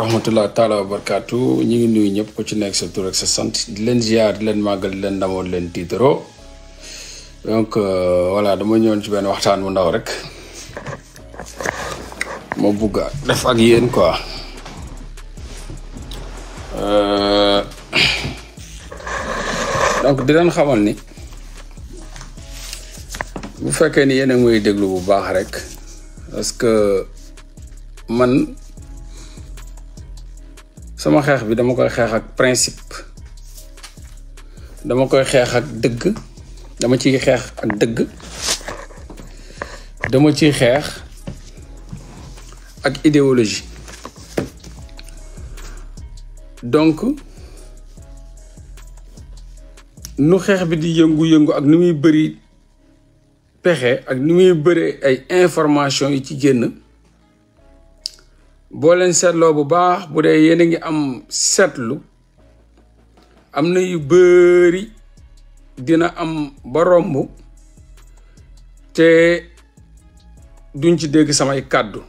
rahmatullah taala wa barakaatu ñi ngi nuyu ñëpp ku ci nekk sa tur ak sa sant di leen ziar di leen màggal di leen ndamoo leen tiitaro donc euh, voilà dama ñëwoon ci benn waxtaan bu ndaw rek ma bugg def ak yéen quoi euh, donc di leen xamal ni bu fekkee ni yéen a ngi déglu bu baax rek parce que man. sama xex bi dama koy xex ak principe dama koy xex ak deug dama ci xex ak deug dama ci xex ak idéologie donc nu xex bi di yëngu-yëngu ak nu muy bëri pexe ak nu muy bëri ay information yi ci génn boo leen seetloo bu baax bu dee yéen a ngi am seetlu am na yu bëri dina am ba romb te duñ ci dégg samay kàddu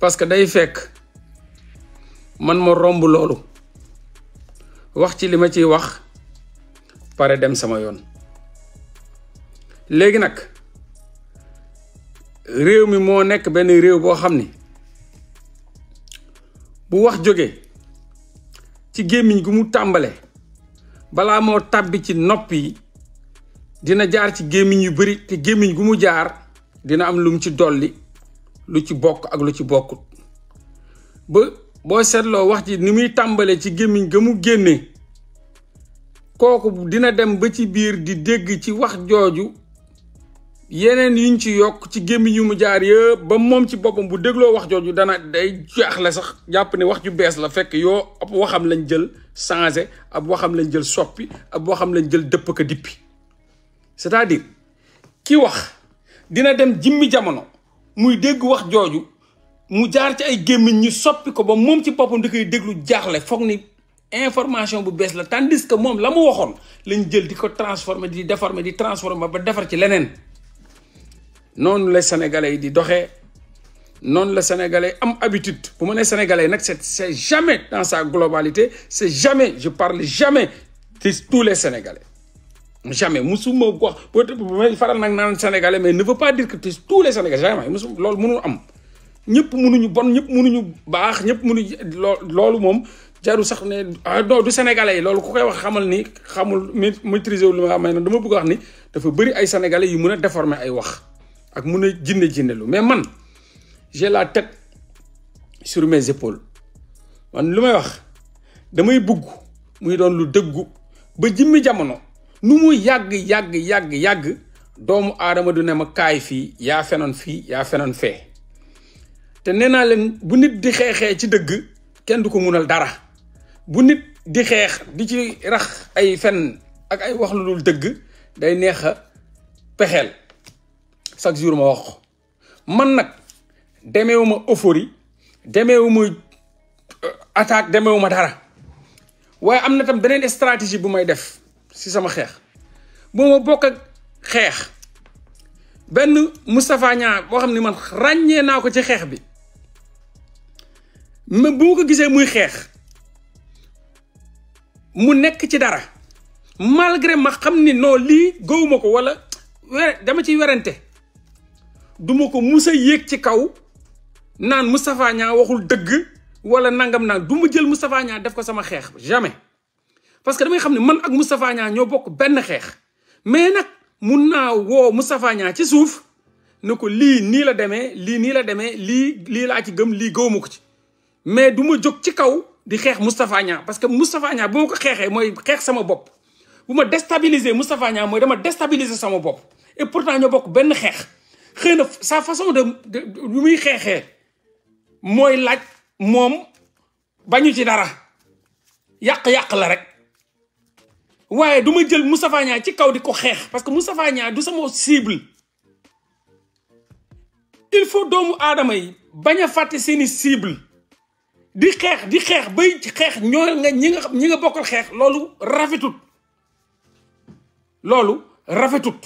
parce que day fekk man ma romb loolu wax ci li ma ciy wax pare dem sama yoon léegi nag réew mi moo nekk benn réew boo xam ni bu wax jóge ci gémmiñ gu mu tàmbale balaa moo tàbbi ci nopp yi dina jaar ci gémmiñ yu bari te gémmiñ gu mu jaar dina am lum mu ci dolli lu ci bokk ak lu ci bokkut ba boo seetloo wax ji ni muy tàmbalee ci gémmiñ ga mu génne kooku dina dem ba ci biir di dégg ci wax jooju yeneen yuñ ci yokk ci gémmiñ yu mu jaar yëpp ba moom ci boppam bu dégloo wax jooju dana day jaaxle sax jàpp ne wax ju bees la fekk yoo ab waxam lañ jël changé ab waxam lañ jël soppi ab waxam lañ jël dëpp ka dippi c'est-à-dire ki wax dina dem jimmi jamono muy dégg wax jooju mu jaar ci ay gémmiñ ñu soppi ko ba moom ci boppam da koy déglu jaaxle foog ni information bu bees la tandis que moom la mu lañ jël di ko transformer di déformer di transformer ba defar ci leneen Non les sénégalais yi di doxee noonu sénégalais am habitude pour moi les sénégalais nag c'est jamais dans sa globalité c'est jamais je parle jamais de tous les sénégalais jamais musuma wax may faral nag naan sénégalais mais ne veut pas dire que tous les sénégalais jamais musu loolu mënul am ñëpp mënuñu bon ñëpp mënuñu bax ñëpp mënuñu loolu mom jaru sax né ah non du sénégalais yi ku koy wax xamal ni xamul maîtriser wu li ma xam ne dama bëgg wax ni dafa bëri ay sénégalais yu mëna déformer ay wax. ak mun a jinne lu mais man j'ai la tête sur mes man lu may wax damay bugg muy doon lu dëggu ba jimmi jamono nu mu yàgg yàgg yàgg yàgg doomu aadama du ne ma kaay fii yaa fenoon fii yaa fenoon fee te nee naa leen bu nit di xeexee ci dëgg kenn du ko munal dara bu nit di xeex di ci rax ay fen ak ay wax lu dul dëgg day neex a pexeel chaque jour ma wax man nag demeewuma euphorie demeewuma euh, attaque demeewuma dara waaye am na tam beneen stratégie bu may def si sama xeex bu ma bokk xeex benn Moustapha Niang boo xam ne man ràññee naa ko ci xeex bi mais bu ma ko gisee muy xeex mu nekk ci dara malgré ma xam ni non lii gëwuma ko wala dama ciy werante du ko musa yéeg ci kaw naan Moustapha Niang waxul dëgg wala nangam naan duma jël Moustapha Niang def ko sama xeex jamais parce que damay xam ne man ak Moustapha Niang ñoo bokk benn xeex mais nag mun naa woo Moustapha ci suuf ne ko lii nii la demee lii nii la demee lii lii laa ci gëm lii gëwuma ko ci mais du jóg ci kaw di xeex Moustapha Niang parce que Moustapha Niang bu ma ko xeexee mooy xeex sama bopp bu ma déstabiliser Moustapha Niang mooy dama déstabiliser sama bopp et pourtant ñoo bokk benn xeex xëy na sa façon de lu muy xeexee mooy laaj moom bañu ci dara yàq-yàq la rek waaye duma jël Moustapha Niang ci kaw di ko xeex parce que Moustapha Niang du sama cible il faut doomu aadama yi bañ a fàtte seeni cible di xeex di xeex bay xeex ñoo nga ñi nga ñi nga bokkal xeex loolu rafetut loolu rafetut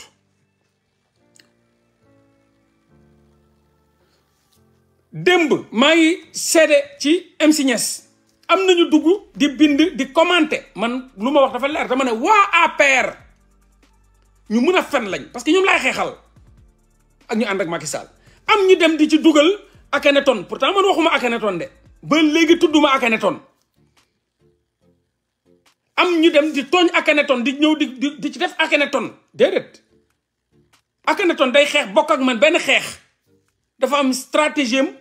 demb maa ngi seede ci MC Niass am nañu dugg di bind di commenter man luma wax dafa leer dama ne waa APR ñu mëna a fen lañ parce que ñoom lay xeexal ak ñu and ak Macky Sall am ñu dem di ci duggal Akhenaton pourtant man waxuma Akhenaton de ba léegi tudduma Akhenaton am ñu dem di togn Akhenaton di ñew di di ci def Akhenaton déedéet Akhenaton day xeex bokk ak man ben xeex dafa am stratégie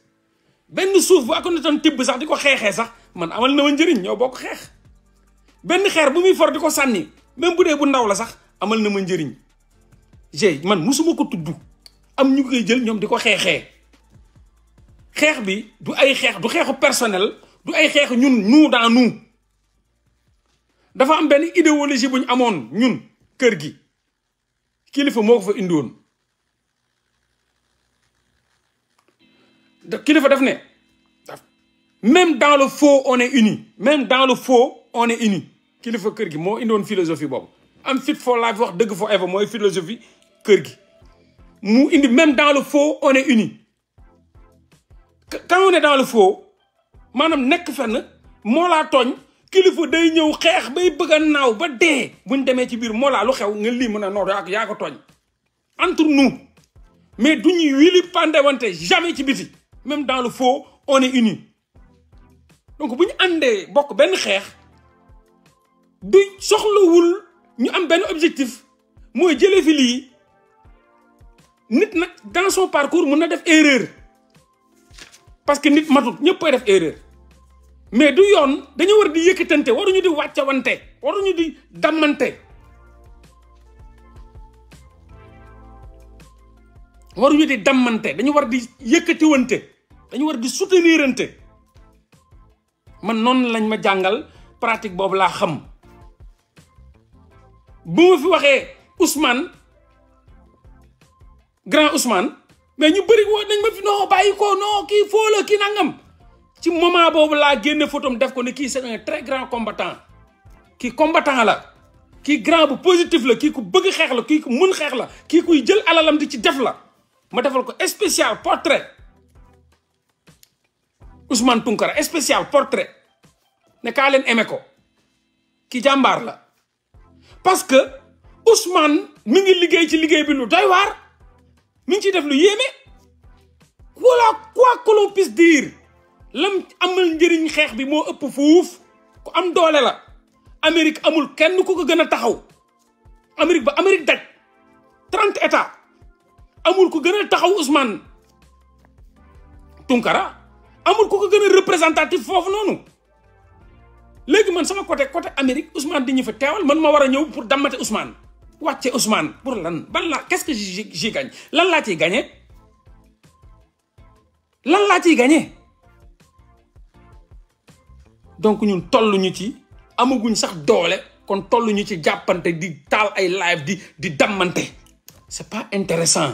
benn suuf bu akonatoon tibb sax di ko xeexee sax man amal na ma njëriñ ñoo bokk xeex benn xeer bu muy for di ko sànni même bu dee bu ndaw la sax amal na ma njariñ j man musuma ko tudd am ñu koy jël ñoom di ko xeexee xeex bi du ay xeex du xeexu personnel du ay xeex ñun nous daa nous dafa am benn idéologie bu ñu amoon ñun kër gi kilifa moo ko fa indiwoon kilifa daf ne même dans le faux on est unis même dans le faux on est unis kilifa keur gi moo indoon philosophie boobu am fit for life wax dëgg forever moy philosophie keur gi mu indi même dans le faux on est unis quand on est dans le faux manam nek fenn mo la togn kilifa day ñew xex bay bëgg a naaw ba dé buñ démé ci biir mo la lu xew nga li mëna a ak ya ko togn entre nous mais duñuy wili pandewante jamais ci biti même dans le faux on est unis donc bu ñu àndee bokk benn xeex du soxlawul ñu am benn objectif mooy jëlee fi lii nit nag dans son parcours mun def erreur parce que nit matut ñëppay def erreur mais du yoon dañu war di yëkkatante waruñu di wàccawante waruñu di dammante waruñu di dammante dañu war di yëkkatiwante dañu war di soutenirante man non lañ ma jàngal pratique boobu laa xam bu ma fi waxee Ousmane grand Ousmane mais ñu bëri woo nañ ma fi noo bàyyi ko noo kii foo la kii nangam ci moment boobu laa génne photom def ko ne kii c'est un très grand combattant kii combattant la kii grand bu positif la kii ku bëgg xeex la kii ku mën xeex la kii kuy jël alalam di ci def la ma defal ko spécial portrait Ousmane Tounkara spécial portrait ne kaa leen aimé ko ki jàmbaar la parce que Ousmane mi ngi liggéey ci liggéey bi lu doy waar mi ngi ciy def lu yéeme voilà quoi que l'on puisse dire lam amal njëriñ xeex bi moo ëpp fuuf ku am doole la Amérique amul kenn ku ko gën a taxaw Amérique ba Amérique daj trente états amul ko Ousmane Tunkara amul ko ko représentatif fofu nonu légui man sama côté côté Amérique Ousmane diñu fa téwal man ma wara pour damante Ousmane Ousmane pour lan qu'est-ce que j'ai gagné, lan gagné lan gagné donc ñun ñu ci amaguñ sax doolé kon ñu ci jappanté di tal ay live di di c'est pas intéressant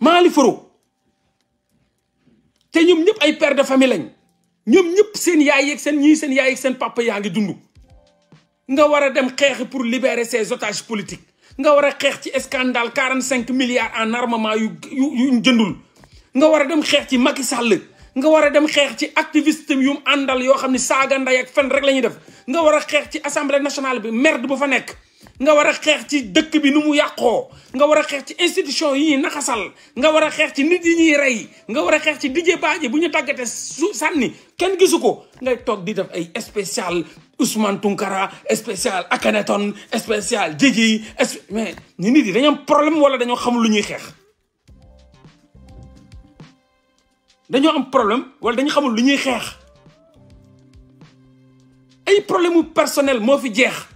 maali foro te ñoom ñëpp ay père de famille lañ ñoom ñëpp seen yaay yeeg seen ñii seen yaay yeeg seen papa yaa ngi dund nga war a dem xeex pour libérer ses otages politiques nga war a xeex ci scandale quarante cinq milliards en armement yu yu jëndul nga war a dem xeex ci Macky Sall nga war a dem xeex ci activiste yu mu àndal yoo xam ne saaga nday ak fen rek la ñuy def nga war a xeex ci assemblée nationale bi merde bu fa nekk nga wara xex ci dekk bi nu mu nga wara xex ci institution yi naxasal nga wara xex ci nit yi ñuy rey nga wara xex ci dj baaji bu ñu tàggate su sànni ngay tok di def ay spécial Ousmane Tunkara spécial Akhenaton spécial Jiji mais nit yi dañoo am problème wala dañu xam lu ñuy xex problem am problème wala dañu xamul lu ñuy xex ay problème personnel mo fi jeex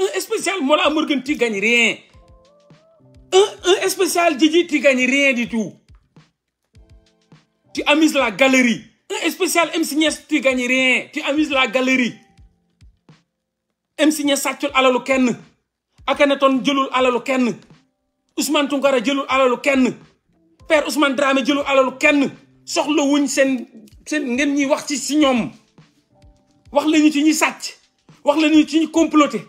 Un spécial Mola Morgan, tu gagnes rien. Un, un spécial Didi, tu gagnes rien du tout. Tu amuses la galerie. Un spécial MC tu gagnes rien. Tu amuses la galerie. MC Nias sàccul alalu kenn. Akhenaton à alalu loquenne. Ousmane Tounkara jëlul alalu loquenne. Père Ousmane Dramé la alalu Sors le wuñ seen seen ngeen wax ci si ñoom wax lañu ci ñuy sàcc wax lañu ci ñuy comploter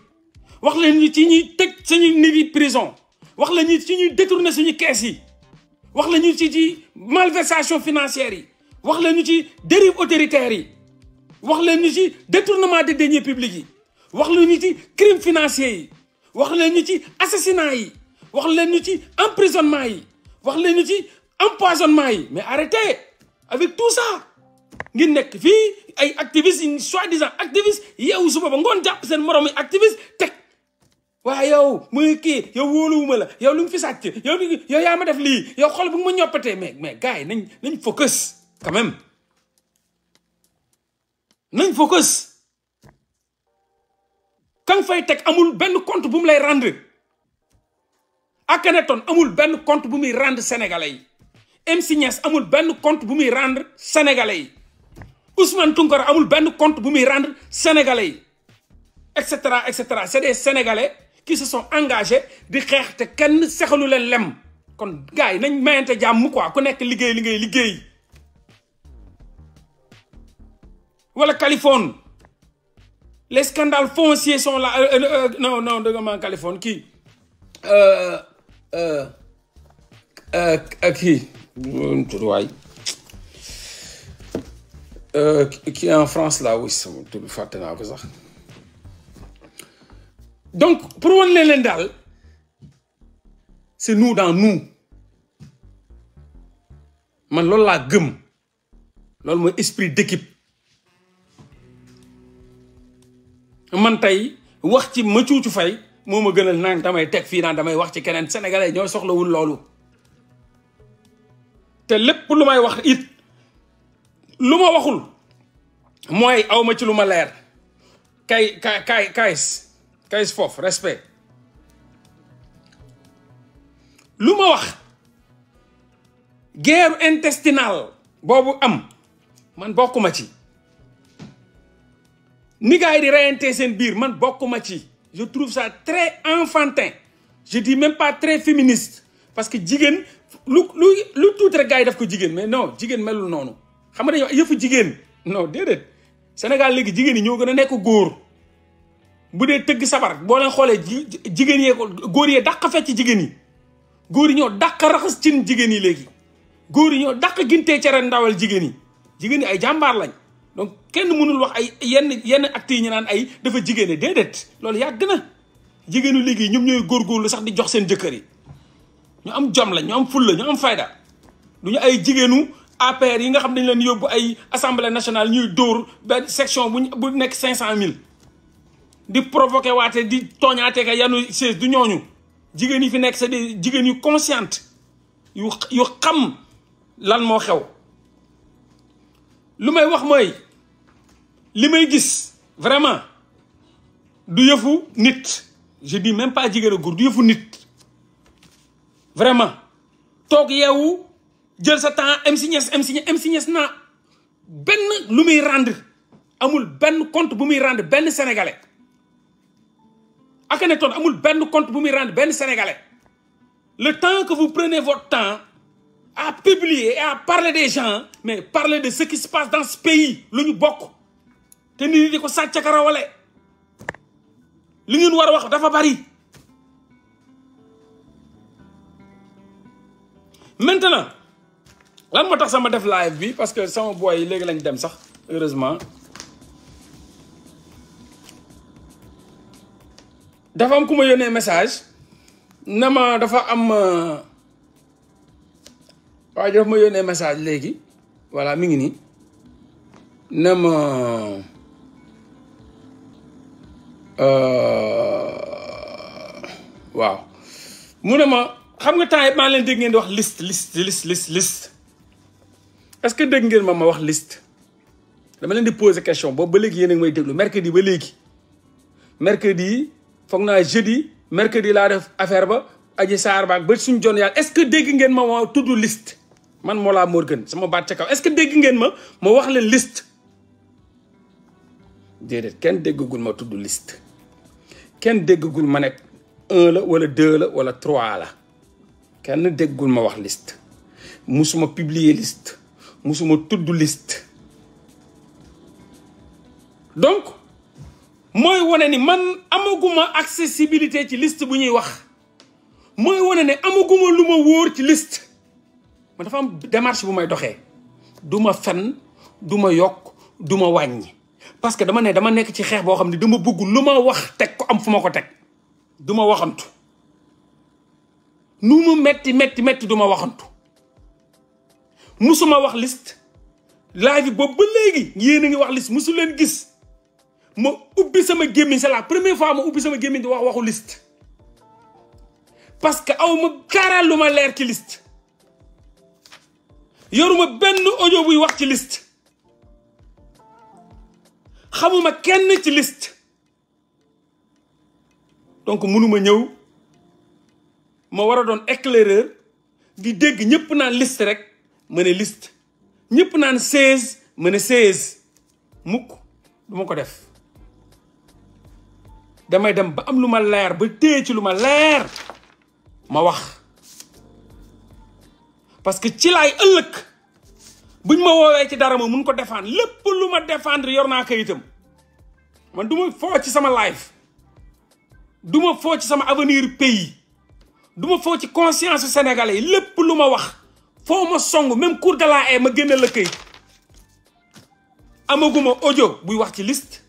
wax leen ñu ci ñuy tëj suñu nit prison wax leen ñu ci ñuy détourner suñu caisse yi wax leen ci ci malversation financière yi wax leen ci dérive autoritaire yi wax leen ñu ci détournement des deniers publics yi wax leen ci crime financier yi wax leen ci assassinat yi wax leen ci emprisonnement yi wax leen ci empoisonnement yi mais arrêtez avec tout ça ngi nekk fii ay activistes soi-disant activistes yeewu suba ba ngoon jàpp seen moroom yi activiste teg waa yow muy kii yow wóoluwuma la yow lu mu fi sàcc yow yow yaa ma def lii yow xol bu ma ñoppatee mais mais gars yi nañ nañ focus quand même nañ focus kan fay teg amul benn compte bu mu lay rendre Akhenaton amul benn compte bu mu rendre sénégalais yi MC Niass amul benn compte bu muy rendre sénégalais yi Ousmane Tounkara amul benn compte bu muy rendre sénégalais yi et cetera et cetera c'est des sénégalais qui se sont engagés di xeex te kenn sexalu leen lem kon gaay yi nañ mayante jàmm quoi ku nek liggéey li ngay wala Californie les scandales fonciers sont là euh, euh, euh, non non danga ma Californie euh, euh, waay kii en France là oui c'est tout fàtte naa ko sax donc pour wan leen leen daal c'est nous dans nous man loolu laa gëm loolu mooy esprit d'équipe man tey wax ci ma cuucu fay moo ma gënal naan damay teg fii naan damay wax ci keneen sénégalais ñoo soxlawul loolu te lépp lu may wax it lu ma waxul mooy awma ci lu ma leer kay kay kay kays kayis fof respect lu wax guerre intestinale bobu am man bokuma ci ni gars di reyantee sen bir man bokuma ci je trouve ça très enfantin je dis même pas très féministe parce que jigen lu lu lu tuuti rek gars daf ko jigen mais non jigen melul noonu xam nga dañoo yëfu jigéen non dedet Sénégal légui jigen ni ñoo gëna a nekk góor bu dee tëgg sabar boo leen xoolee jigéen yee ko góor yee dàq fecc jigéen yi góor yi ñoo daq raxas cin jigéen yi léegi góor yi ñoo daq gintee cere ndawal jigéen yi jigéen yi ay jàmbaar lañ donc kenn mënul wax ay yenn yenn actes yi ñu naan ay dafa jigéene déedéet loolu yàgg na jigéenu léegi ñoom ñooy lu sax di jox seen jëkkër yi ñu am jom lañ ñu am ful la ñu am fayda duñu ay jigéenu APR yi nga xam nañu leen yóbbu ay assemblée nationale ñuy dóor ba section bu nekk cinq cent mille de provoquer, dit di les ka yanu sont du ñooñu jigéen yi fi nek c'est des consciente yu xam lan mo xew lu wax gis vraiment du nit je dis même pas jigéen du nit vraiment tok yeewu jël sa temps rendre amul ben compte bu muy rendre ben sénégalais Akhenaton amul Ben compte bu me rendre Ben sénégalais le temps que vous prenez votre temps à publier et à parler des gens mais parler de ce qui se passe dans ce pays lu ñu bokk te nit ñi di ko karawale li ngeen war wax dafa bari maintenant lan je tax sama def live parce que sama boy yi léegi lañ dem sax heureusement dafa am ku ma yónnee message na dafa am euh, waaye dafa ma yónnee message léegi voilà mi ngi nii na euh, waaw mu ne ma xam nga temps maa leen dégg ngeen di wax liste liste liste liste est-ce que dégg ngeen ma ma wax list dama leen di pose question boobu ba léegi yéen a ngi may déglu mercredi ba léegi mercredi foog naa jeudi mercredi la def affaire ba aji sar ba, ba suñ jonne yàlla est-ce que dégg ngeen ma ma tudd liste man mo la Morgan, sama baat ca kaw est-ce que dégg ngeen ma mo wax le liste déedéet ken déggagul ma tudd liste kenn déggagul ma nekk un la wala 2 la wala 3 la Ken déggul ma wax liste musuma publier liste musuma tudd liste donc mooy wane ni man amaguma accessibilité ci list bu ñuy wax mooy wane ne amaguma lu ma wóor ci list ma dafa am démarche bu may doxee duma fen duma yokk duma ma wàññi parce que dama ne dama nekk ci xeex boo xam ne dama bëgg lu ma wax teg ko am fu ma ko teg duma waxantu nu mu metti metti metti du ma waxantu musuma wax list live boobu ba léegi yéen a ngi wax liste musu leen gis ma ubbi sama gémmiñ c'est la première fois ma ubbi sama gémmiñ di wax waxu liste parce que aw ma kaaral lu ma leer ci liste yoruma benn audio buy wax ci liste xamuma kenn ci liste donc mënuma ñëw ma war a doon éclaireur di dégg ñëpp naan list rek ma ne liste ñëpp naan seize ma ne seize mukk duma ko def damay dem ba am lu leer ba ci lu leer ma wax parce que ci lay ëllëg buñ ma wowe ci dara mo mun ko défendre lepp lu défendre yorna ka itam man duma fo ci sama life duma fo ci sama avenir pays duma fo ci conscience sénégalais lepp luma lu wax fo ma song même cour de la haie ma génne la amaguma audio buy wax ci liste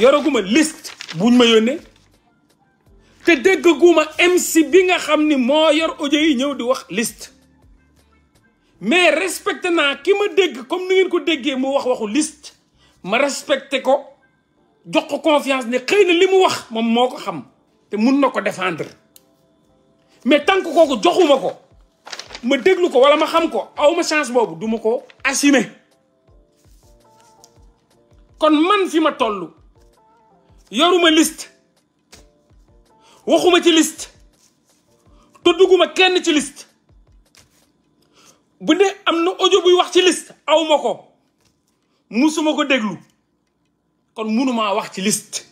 yoraguma liste buñ ma yónnee te dégg guuma MC bi nga xam ni moo yor audio yi ñëw di wax list mais respecté naa ki ma dégg comme ni ngeen ko déggee mu wax waxu liste ma respecté ko jox ko confiance ne xëy na li mu wax moom moo ko xam te mun na ko défendre mais tant que kooku joxuma ko ma déglu ko wala ma xam ko aw ma chance boobu duma ko assumer kon man fi ma tollu yoruma liste waxuma ci liste tudduguma kenn ci liste bu dee am na audio buy wax ci liste awma ko musuma ko déglu kon munumaa wax ci liste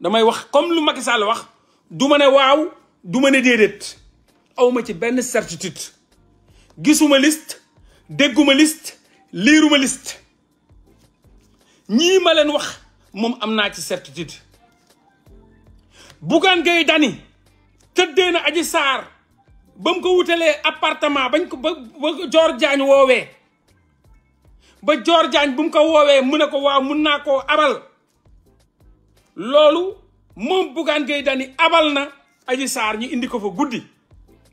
damay wax comme lu Macky Sall wax du ma ne waaw du ma ne déedéet awma ci benn certitude gisuma liste dégguma liste liiruma liste ñii ma leen wax moom am naa ci certitude Bougane Gueye Dany tëddee na aji Sarr ba mu ko wutalee appartement bañ ko ba ba Dior Diagne woowee ba joor Diagne bu mu ko woowee mu ne ko waaw mun naa ko abal loolu moom Bougane Gueye dani abal na Adji saar ñu indi ko fa guddi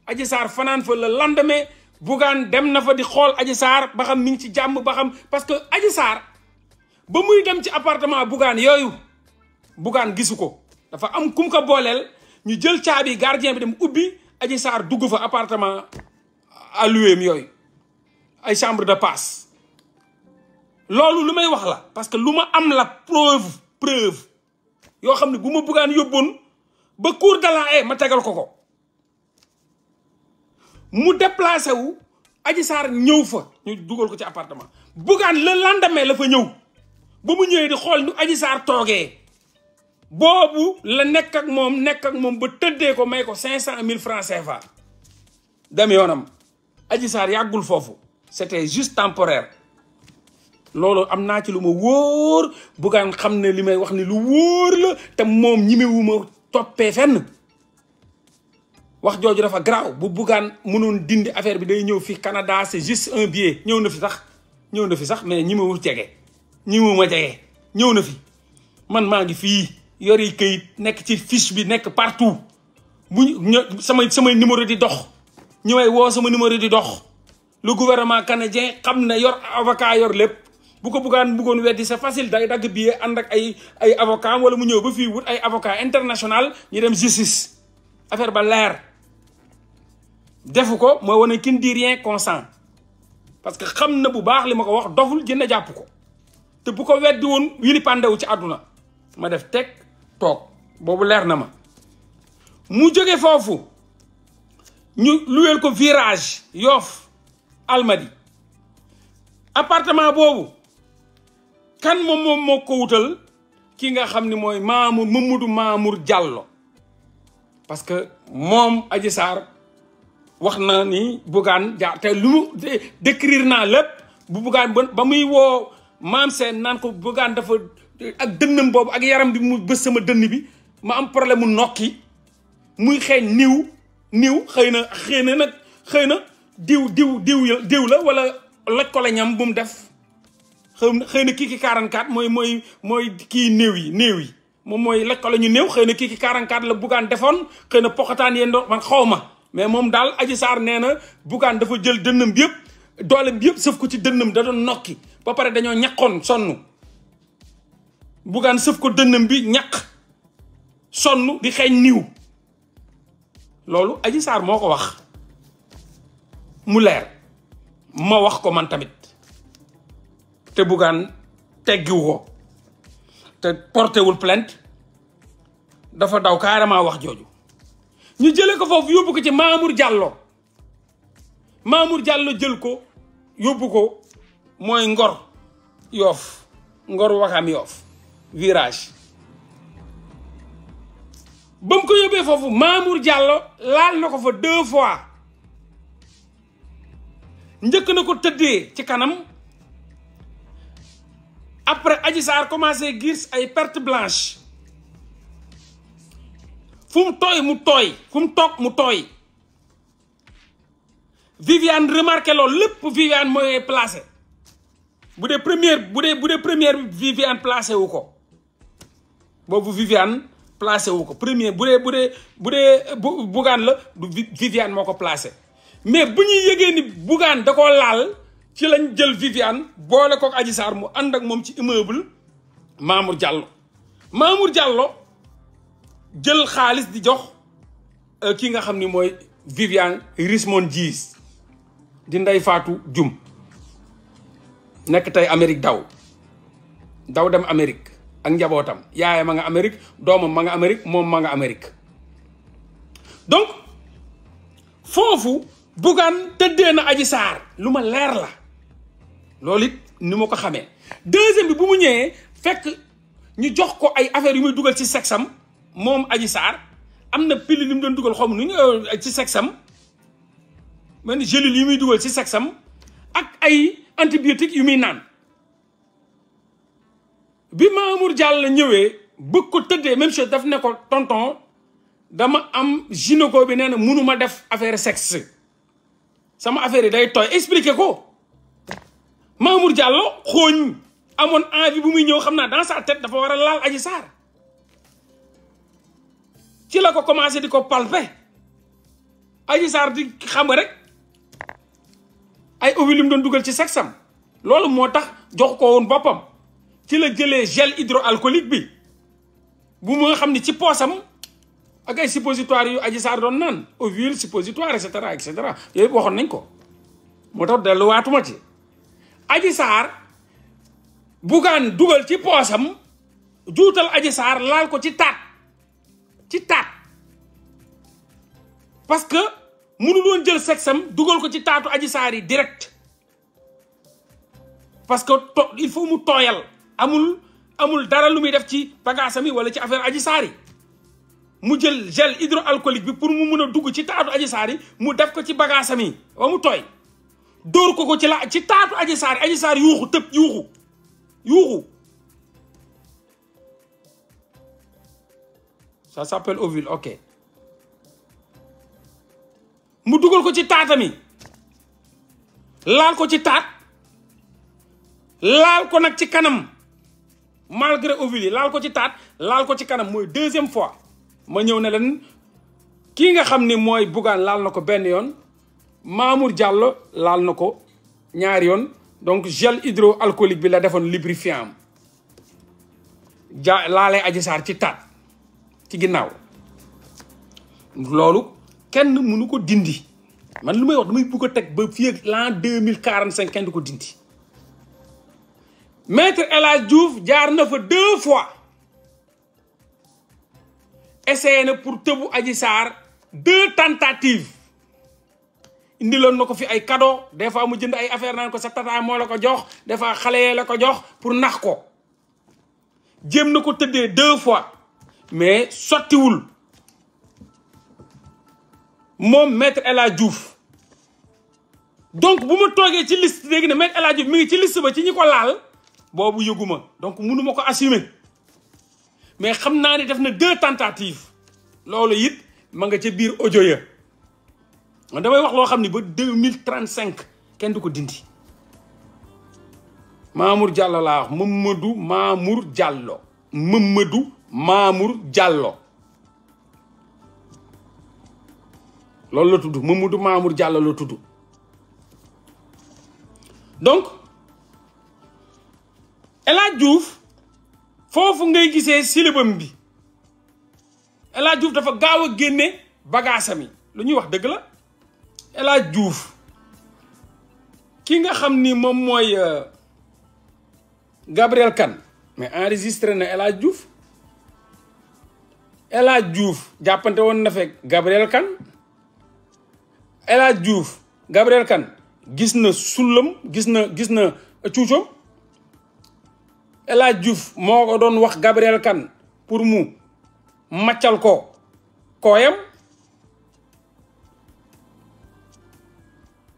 Adji Sarr fanaan fa le lendemain Bougane dem na fa di xool Adji saar ba xam mi ngi ci jàmm ba xam parce que Adji saar ba muy dem ci appartement Bougane yoyu Bougane gisuko dafa am kum ko bolel ñu jël caabi gardien bi dem ubbi aji sar duggu fa appartement a louer yoy ay chambre de passe loolu lumay wax la parce que luma am la preuve preuve yo xamni buma bu ma Bougane ba cour de la ma tegal ko ko mu déplacer wu aji sar ñew fa ñu duggal ko ci appartement Bougane le lendemain la fa ñew ba mu ñëwee di xool nu Adji saar toogee boobu la nekk moom nekk moom ba tëddee ko may ko cinq cent mille francs CFA dem yoonam Adji Sarr yàggul foofu c'était juste temporaire loolu am naa ci lu ma wóor buggaan xam ne li may wax ni lu wóor la te moom ñimewu toppee fenn wax jooju dafa garaaw bu buggaan mënoon dindi affaire bi day ñëw fi Canada c'est juste un billet ñëw na fi sax ñëw na fi sax mais ñi mewul jege ma jege ñëw na fi man maa ngi fii yor yi këyit ci fiche bi nek partout bu sama sama numéro di dox ñu wo sama numéro di dox le gouvernement canadien xamna yor avocat yor lepp bu ko bugan bugon weddi c'est facile day dag billet and ak ay ay avocat wala mu ñëw ba fi wut ay avocat international ñi dem justice affaire ba lèr defu moy woné kin di rien consent parce que xamna bu baax li ma wax doful jëna japp ko te bu ko weddi woon wili ci àdduna ma def teg toog boobu leer na ma mu jóge foofu ñu luweel ko virage yoof almadi appartement boobu kan moom moom moo ko wutal ki nga xam ni mooy Mamour Mamadou Mamour Diallo parce que moom Adji Sarr wax na ni Bougane jaar te lu mu naa lépp bu Bougane ba muy woo maam seen naan ko bëggaan dafa ak dënnam boobu ak yaram bi mu bës sama dënn bi ma am problème mu nokki muy xeeñ niw niw xëy na xëy na nag xëy na diw diw diw diw la wala loj ko la ñam bu mu def xëy na kii ki 44 mooy mooy mooy kii néew yi néew yi moom mooy loj ñu néew xëy na kii ki 44 la buggaan defoon xëy na poxataan yéen doo xaw ma mais moom daal aji saar nee na buggaan dafa jël dënnam bi yëpp doolem bi yëpp sëf ko ci dënnam da doon nokki ba pare dañoo ñaqoon sonn buggaan sëf ko dënnam bi ñaq sonn di xeeñ niiw loolu aji Sarr moo ko wax mu leer ma wax ko man tamit te buggaan teggiwu ko te portewul plainte dafa daw carrément wax jooju ñu jële ko foofu yóbbu ko ci Mamour jàlloo Mamour Diallo jël ko yóbbu ko mooy ngor yoof ngor waxam yoof virage ba mu ko yóbbee foofu Mamour Diallo laal na ko fa deux fois njëkk na ko tëddee ci kanam après Adji Sarr commencé gis ay perte blanche fu mu tooy mu tooy fu mu mu tooy Viviane remarqué loolu lépp Viviane mooy placé bu dee première bu dee bu dee première Viviane placé wu ko boobu Viviane placé wu ko première bu dee bu dee bu dee bu Bougane la du Viviane moo ko placé mais bu ñuy yëgee ni Bougane da koo laal ci lañ jël Viviane boole kook aji Sarr mu ànd ak moom ci immeuble Mamour jàllo Mamour Diallo jël xaalis di jox euh, ki nga xam ni mooy Viviane Rismon Diis di Ndeye Fatou Dioum nekk tey Amérique daw daw dem Amérique ak njabootam yaayam ma nga Amérique doomam ma nga Amérique moom ma nga Amérique donc foofu Bougane tëddee na Adji saar lu ma leer la loolu it ni ma ko xamee deuxième bi bu mu ñëwee fekk ñu jox ko ay affaires yu muy dugal ci sexam moom Adji saar am na pili li mu doon dugal xawma nu ñu euh, ci sexam man gélule yu muy dugal ci sexam ak ay antibiotique yu muy naan bi Mamour Diallo ñëwee bëgg ko tëddee même chose daf ne ko tonton dama am gynéco bi nee na mënuma def affaire sexe sama affaire yi day tooy expliquer ko Mamour Diallo xooñ amoon envie bu muy ñëw xam naa dans sa dafa war a laal Adji Sarr ci la ko commencé di ko palper Adji Sarr di xam rek ay ovi lim doon dugal ci sexam lolou motax jox ko won bopam ci la jele gel hydroalcoolique bi bu mo xamni ci posam ak ay suppositoire yu aji sar doon nan ovule suppositoire et cetera et cetera yooyu waxon nañ ko motax delu watuma ci aji bu gan dugal ci posam joutal aji sar lal ko ci tat ci tat parce que mënul woon jël sexe dugal ko ci taatu aji saari yi direct parce que to il faut mu tooyal amul amul dara lu muy def ci bagaasam yi wala ci affaire aji saari mu jël gel hydroalcoolique bi pour mu mun a dugg ci taatu aji saari mu def ko ci bagaasam yi ba mu tooy dóor ko ko ci la ci taatu aji saar aji saar yuuxu tëb yuuxu yuuxu ça s'appelle ovule ok mu dugal ko ci taatami laal ko ci taat laal ko nag ci kanam malgré ovule laal ko ci taat laal ko ci kanam mooy deuxième fois ma ñëw na leen kii nga xam ni mooy Bougane laal na ko benn yoon Mamour Diallo laal na ko ñaari yoon donc gel hydroalcoolique bi la defoon lubrifiant am ja laalee Adji Sarr ci taat ci ginnaaw loolu kenn mënu ko dindi man lu may wax damay bugg a teg ba fii l'an deux mille quarante cinq kenn du ko dindi maître El Hadj Diouf jaar na fa deux fois essayé na pour tëbu Adji Sarr deux tentatives indiloon na ko fi ay cadeau des fois mu jënd ay affaire naan ko sa tata moo la ko jox des fois xale yee la ko jox pour nax ko jéem na ko tëddee deux fois mais sottiwul moom maître El Hadj Diouf donc bu ma toogee ci liste léegi ne maître El Hadj Diouf mi ngi ci liste ba ci ñi laal boobu yëgu donc mënu ma ko assumer mais xam naa ne def na deux tentatives loolu it ma nga ca biir audio ya man damay wax loo xam ne ba deux mille trente dindi Mamour Diallo laa wax Mamadou Mamour Diallo Mamadou Mamour Diallo loolu la tudd moom Mamadou Mamour Diallo la tudd donc El Hadj foofu ngay gisee silibam bi El Hadj dafa gaaw a génne bagaasam lu ñuy wax dëgg la El Hadj ki nga xam ni moom mooy euh, Gabriel kan mais enregistré na El Hadj Diouf El Hadj Diouf jàppante woon na fekk Gabriel kan Ela Diouf Gabriel Kan gis na sulum gis na gis na cuucoom El Diouf moko don wax Gabriel Kan pour mu matchal ko kooyam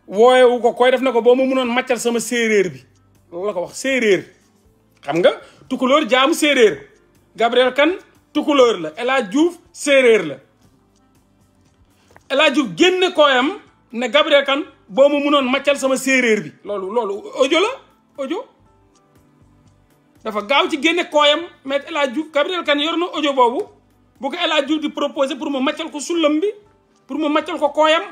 wu ko koy def nako bo mo meunon matchal sama serreur bi loolu la ko wax serreur xam nga tukulor jaamu serreur Gabriel Kan tukulor la El Diouf serreur la El Hadj Diouf génne kooyam ne Gabriel kan boo ma munoon màccal sama séeréer bi loolu loolu audio la audio dafa gaaw ci génne kooyam mais El Hadj Diouf Gabriel kan yor na audio boobu bu ko El Hadj Diouf di proposé pour ma màccal ko sullam bi pour ma màccal ko kooyam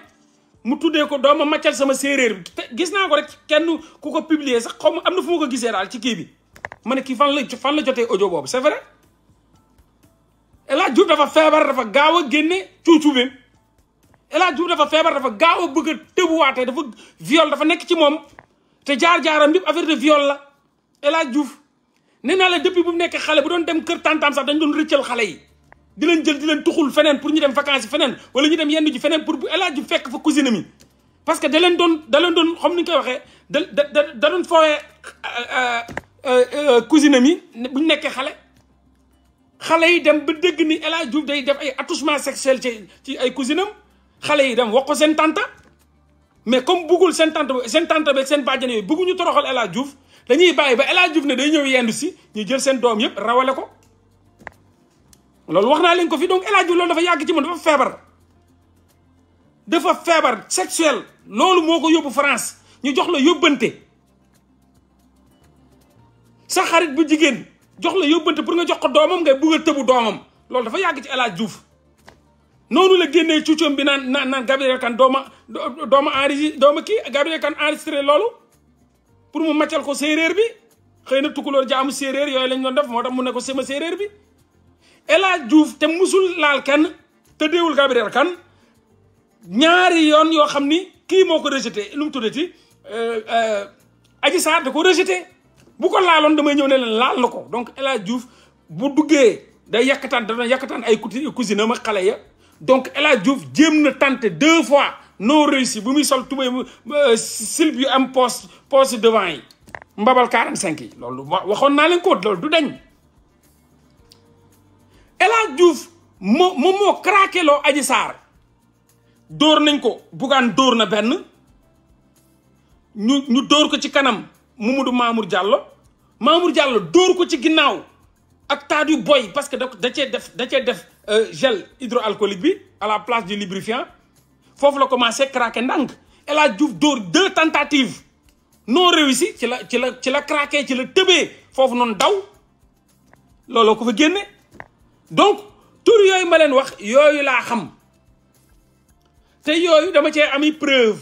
mu tuddee ko doo ma màccal sama séeréer bi te gis naa ko rek kenn ku ko publier sax xaw ma am na fu ma ko gisee daal ci kii bi ma ne kii fan la fan la jotee audio boobu c'est vrai El Hadj dafa feebar dafa gaaw a génne cuucubeem El Hadj dafa feebar dafa gaaw bëgg a waté dafa viol dafa nek ci mom té jaar-jaaram yëpp affaire de viol la El Hadj Diouf nee la depuis bu nek xalé bu doon dem kër tantam sax dañ doon rëccël xalé yi di leen jël di leen tuxul fenen pour ñu dem vacances fenen wala ñu dem yenn ji fenen pour bu El Diouf fekk fa cousine mi parce que da leen doon da leen doon xam ni ñu koy waxé da da da doon foowee euh, euh, euh, cousine mi bu ñu nekkee xalé xale yi dem ba dégg ni El Hadj Diouf day def ay attouchement sexuel ci ci ay cousinam xalé yi dem wax ko tante mais comme bugul sen tante sen tante beeg seen bàjjan bugu ñu toroxal dañuy baye ba ne day ñew yendu ci ñu jël sen dom yeb rawale ko lool waxna ko fi donc dafa ci dafa dafa sexuel lool moko yobbu France ñu jox la yóbbante sa xarit bu jigen jox la pour nga jox ko domam ngay tebu domam lool dafa yag ci noonu la génnee cuucoom bi naan naan naan Gabriel Kane dooma dooma enregistré dooma kii Gabriel Kane enregistré loolu pour mu màccal ko séeréer bi xëy na tukulóor jaamu séeréer yooyu lañ doon def moo tax mu ne ko sama séeréer bi El Hadj Diouf te musul laal kenn te deewul Gabriel kan ñaari yoon yoo xam ni kii moo ko rejeté lu mu tuddati euh, euh, Adji Sarr da ko rejeté bu ko laaloon damay ñëw ne leen laal na ko donc El Hadj Diouf bu duggee day yàkkataan dana yàkkataan ay cousine am ak xale ya donc El Hadj Diouf jéem na tante deux fois noo réussi bu muy sol tubéy euh, silb yu am poche poche devant yi mbabal 45 yi loolu waxoon naa leen ko loolu du dañ El Hadj Diouf moo moom moo craqué loo Adji dóor nañ ko bugaan dóor na benn ñu ñu dóor ko ci kanam mu Mamadou Mamour Diallo Mamour Diallo dóor ko ci ginnaaw ak taat yu boy parce que da da cee def da cee def Euh, gel hydroalcoolique bi à la place du lubrifiant fofu la commencé craquer ndànk Elle a djouf d'or deux tentatives non réussi ci la ci la ci la craquer ci le tebé fofu non daw lolo ko fa guenné donc tur yoy ma leen wax yoy la xam C'est yoy dama ci ami preuve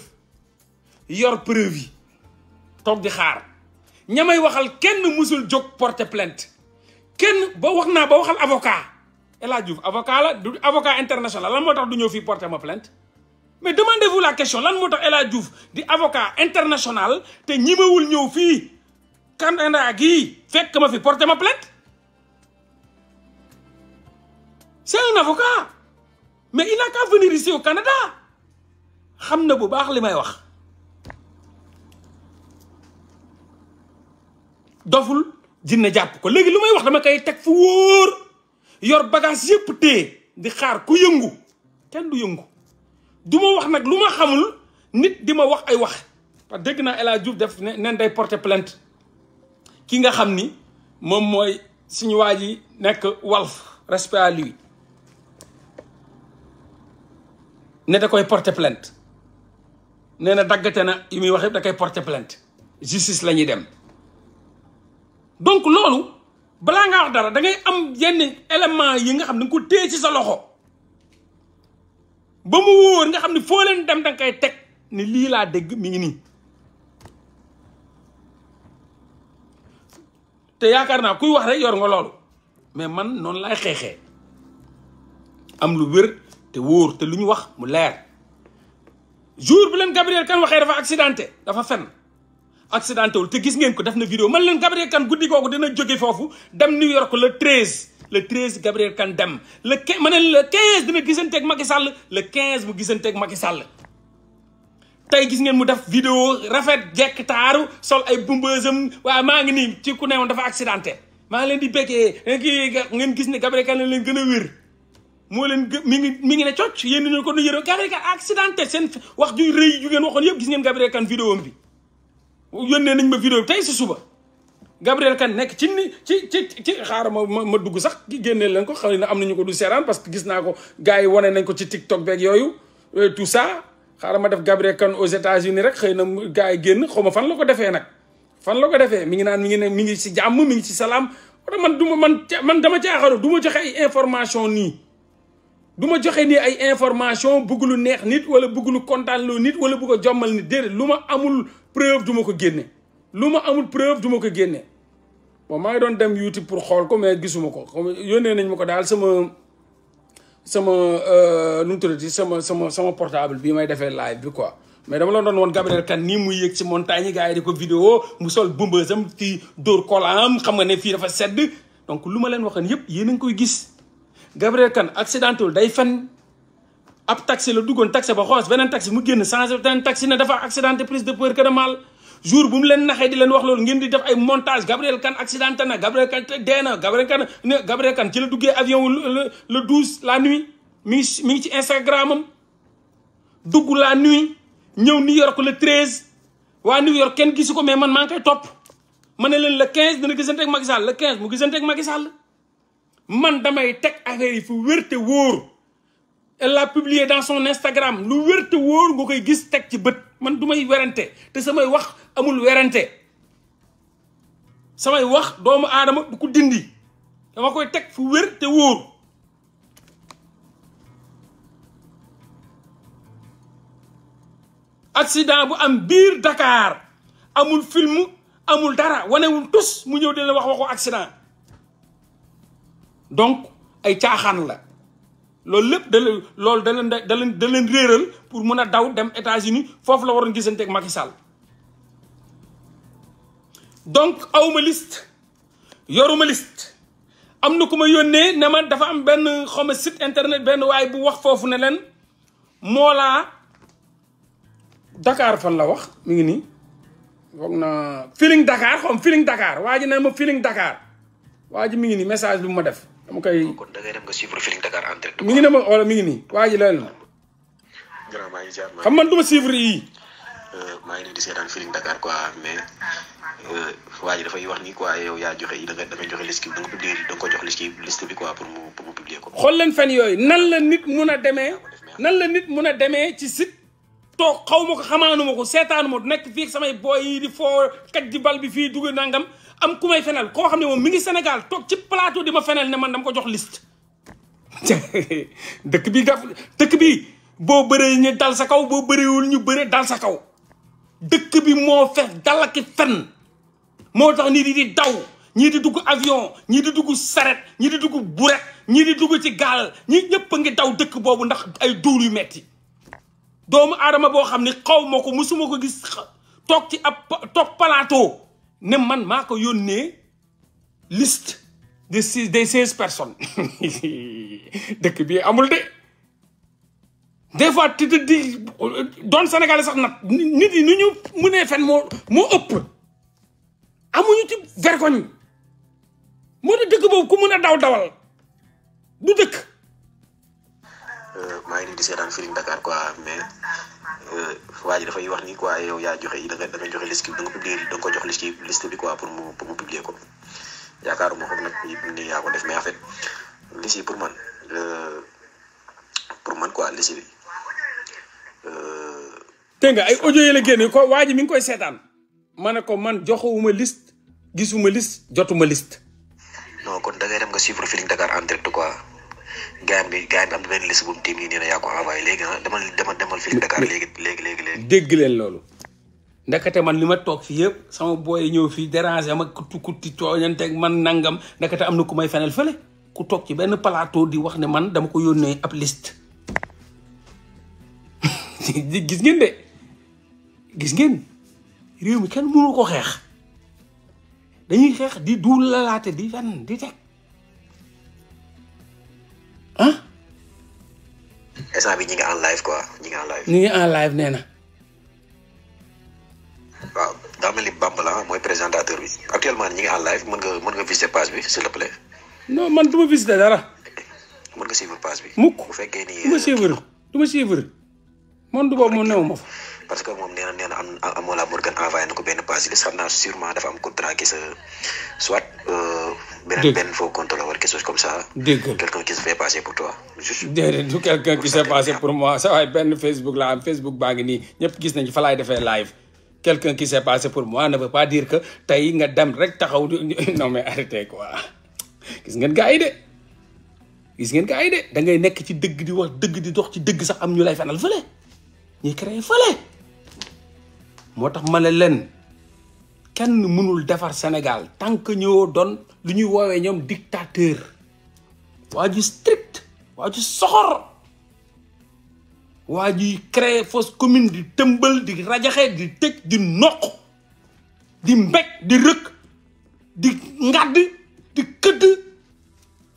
yor preuve yi toog di xaar ñamay waxal kenn musul jóg porter plainte kenn ba waxna ba waxal avocat El avocat international la moo du ma plainte mais demandez-vous la question lan Ella di avocat international te quand on a Canada fait fekk ma fi porter ma plainte c'est un avocat mais il n'a qu'à venir ici au Canada Je bu baax doful la ko la wax yor bagage yëpp téye di xaar ku yëngu kenn du yëngu du ma wax nag lu ma xamul nit di ma wax ay wax parce dégg naa El Hadj Diouf def ne neen day porter plainte ki nga xam ni moom mooy suñu waa ji nekk Walf respect à lui ne da koy porte plant nee na daggate na yi muy wax yëpp da koy porter plainte justice la dem donc loolu balaa nga wax dara da ngay am yenn élément yi nga xam ne ko téye ci sa loxo ba mu wóor nga xam ni foo leen dem da kay teg ni lii laa dégg mi ngi nii. te yaakaar naa kuy wax rek yor nga loolu mais man noonu laay xeexee am lu wér te woor te lu ñu wax mu leer jour bi leen Gabriel Kane waxee dafa accidenté dafa fen accidenté wul te gis ngeen ko def na vidéo man leen Gabriel Kane guddi googu dina jóge foofu dem New York le 13 le 13 Gabriel kan dem le 15 ma ne le 15 dina gisanteeg i Sall le 15 mu gisanteeg Macky Sall. tey gis ngeen mu def vidéo rafet jekk taaru sol ay bumbeusam waa maa ngi nii ci ku ne woon dafa accidenté maa leen di békkee kii ngeen gis ne Gabriel Kane leen gën a wér. moo leen gë ngi mi ngi ne cocc yéen ñu ko nu yëroo Gabriel Kane accidenté seen wax ju rëy bi. yónnee nañ ma vidéo tey si suba Gabriel Kane nekk ci ni ci ci ci xaaral ma ma dugg sax génneel leen ko xëy na am nañu ko du seeraan parce que gis naa ko gars yi wane nañ ko ci TikTok beeg yooyu euh, tout ça xaaral ma def Gabriel Kane aux États-Unis rek xëy na gars yi génn xaw ma fan la ko defee nag fan la ko defee mi ngi naan mi ngi ne mi ngi si jàmm mu ngi si salaam man duma man man dama caaxaru du ma joxe ay information nii du ma joxe nii ay information bugg lu neex nit wala bëgg lu kontaan loo nit wala bëgg a jommal nit déedéet lu ma amul preuve du ma ko génne lu ma amul preuve du ma ko génne bon maa ngi doon dem YouTube pour xool ko mais gisuma ko yónnee nañ ma ko daal sama sama euh, nu mu tuddati sama sama sama portable bii may defee live bi quoi mais dama la doon woon Gabriel Kane nii muy yéeg ci montagne gars yi di ko vidéo mu sol bëmbësam ci dóor kolaam xam nga ne fii dafa sedd donc lu ma leen waxoon yëpp yéen a koy gis Gabriel Kane accidentel day fen ab taxi la duggoon taxi ba xoos beneen taxi mu génn changé beneen taxi ne dafa accidenté prise de peur que de mal jour bu mu leen naxee di leen wax loolu ngeen di def ay montage Gabriel Kane accidenté na Gabriel Kane na Gabriel Kane Gabriel Kane ci la duggee avion le le douze la nuit mi ngi mi ngi ci Instagram am dugg la nuit ñëw New York le treize. waa New York kenn gisu ko mais man maa ngi koy topp ma ne leen le quinze dina gisante ak Macky Sall le quinze mu gisante ak Macky man damay teg affaire yi fu te wóor. elle l'a publié dans son Instagram lu wér te wóor nga koy gis teg ci bët man du may werante te samay wax amul werante samay wax doomu adama du ko dindi dama koy tek fu wér te accident bu am bir Dakar amul film amul dara wanewul tous mu ñew dina wax waxo accident donc ay tiaxan la loolu lépp da leen loolu da leen da leen da leen réeral pour mën a daw dem États-Unis foofu la waroon gisante ak Macky Sall donc awma liste yoruma liste am na ku ma yónnee ne ma dafa am benn xawma site internet benn waaye bu wax foofu ne leen Mollah Dakar fan la wax mi ngi nii foog naa Feeling Dakar xawma Feeling Dakar waa ji ne ma Feeling Dakar waa ji mi ngi nii message bi mu ma def dama koy kon da ngay dem nga suivre Feeling Dakar ngi ne ma wala mi ngi nii waa ji lan la. grand maa ngi xam man du ma suivre yii. Euh, maa ngi leen di seetaan Feeling Dakar quoi mais euh, dafay wax ni quoi yow yaa joxe yi nga da nga joxe liste bi da nga publier da nga ko bi quoi pour mu pour ko. xool leen fen yooyu nan la nit mun a demee nan la nit mun a demee ci site. toog xaw ma ko xamaanuma ko seetaanuma nekk fii samay booy yi di foo kat di bal bi fii dugg nangam. am ku may fenal koo xam ne moom mi ngi Sénégal toog ci plateau di ma fenal ne man dama ko jox liste. dëkk bi daf dëkk bi boo bëree ñu dal sa kaw boo bëreewul ñu bëre dal sa kaw dëkk bi moo fees dalaki fen moo tax nit yi di daw ñii di dugg avion ñii di dugg saret ñii di dugg buret ñii di dugg ci gaal ñii ñëpp a ngi daw dëkk boobu ndax ay duul yu metti doomu aadama boo xam ne xaw ma ko musuma ko gis toog ci ab toog plateau ne man maa ko yónnee liste de six des seize personnes dëkk bi amul de des fois tu te dis doon sénégalais sax nag nit yi ñu mënee fen moo moo ëpp amuñu ci vergogne moo tax dëkk boobu ku mën a daw dawal du dëkk euh, maa ngi di seetaan Feeling Dakar quoi mais Euh, waa dafay wax ni quoi yow ya joxe da nga da nga joxe liste bi nga publier da nga ko jox liste bi liste bi quoi pour mu pour mu publier ko yakaru mo ko nak ni ya ko def mais en fait liste pour man euh pour man quoi liste bi. Euh, dégg nga ay audio yi la génne ko waa mi ngi koy seetaan ma ko man joxewuma liste gisuma liste jotuma liste. non kon da ngay dem nga suivre Feeling Dakar en direct quoi. gaañ bi gaañ bi am na benn liste bu mu tiim yi nee na yaa ko envoyé léegi ah, demal demal demal fii léegi léegi léegi léegi. dégg leen loolu. ndakate man li ma toog fii yëpp sama booy ñëw fii déranger ma kutti kutti tooñanteeg man nangam ndakate am na ku may fenel fële ku toog ci benn plateau di wax ne man dama ko yónnee ab list gis ngeen de gis ngeen réew mi kenn mënu ko xeex dañuy xeex di duul lalaate di fenn di teg. ah. instant bi ñu ngi en live quoi ñu ngi en live. ñu ngi en live nee na. waaw daa mel ni Bambala mooy présentateur bi actuellement ñu ngi en live mën nga mën nga bi s'il te plaît. man tu ma visiter dara. mën nga euh, suivre page bi. mukk bu fekkee ni Tu ma suivre du ma suivre man du boobu moom néew parce que na am am Mollah Morgun envoyé na ko benn page sûrement dafa am contrat ki sa soit. Euh, Ben benn faut contrôler quelque chose comme ça. quelqu'un qui se fait passer pour toi. juste du quelqu'un qui se fait passer pour moi Ça va benn Facebook là am Facebook bagni ñep gis nañu fa laay defee live. quelqu'un qui s'est passé pour moi ne veut pas dire que tay nga dem rek taxaw non mais arrêtez quoi gis ngeen gars dé gis ngeen gars dé da ngay nekk ci deug di wax deug di dox ci deug sax am ñu lay fanal fële ñi créé fële motax tax len ne kenn mënul défar Sénégal tant que ñoo doon lu ñuy woowee ñoom dictateur waa ju strict waa ju soxor waa juy créer fausse commune di tëmbal di rajaxe di tëj di noq di mbéj di rëkk di ngadd di këdd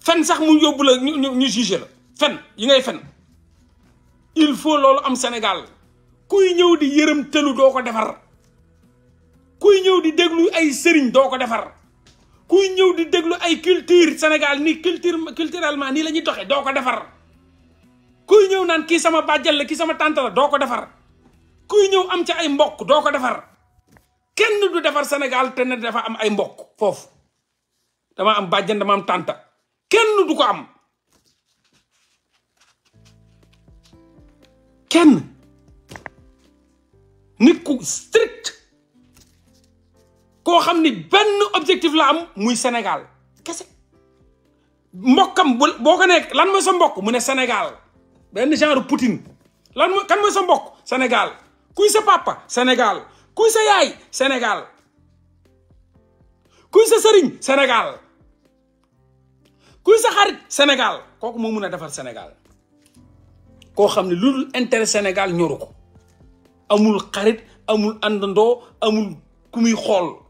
fen sax mu yóbbu la ñu ñu jugé la fen yi ngay fen il faut loolu am sénégal kuy ñëw di yërëm tëlu doo ko defar kuy ñëw di déglu ay sëriñ doo ko defar kuy ñëw di déglu ay culture Sénégal ni culture culturellement nii lañuy ñuy doxee doo ko defar kuy ñëw naan kii sama bàjjal la kii sama tànt la doo ko defar kuy ñëw am ci ay mbokk doo ko defar kenn du defar Sénégal te ne dafa am ay mbokk foofu dama am bàjjan dama am tànta kenn du ko am kenn nit ku strict ko xamni ni benn objectif la am muy Sénégal kessé mbokam boko nek lan moy sa mbok mu ne Sénégal benn genre Poutine lan kan moy sa mbok Sénégal kuy sa papa Senegal. kuy sa yaay Sénégal kuy sa serigne Sénégal kuy sa xarit Sénégal koku mo mun a defar Sénégal ko xamni ne intérêt Sénégal ñoruko amul xarit amul andando, amul kumi xol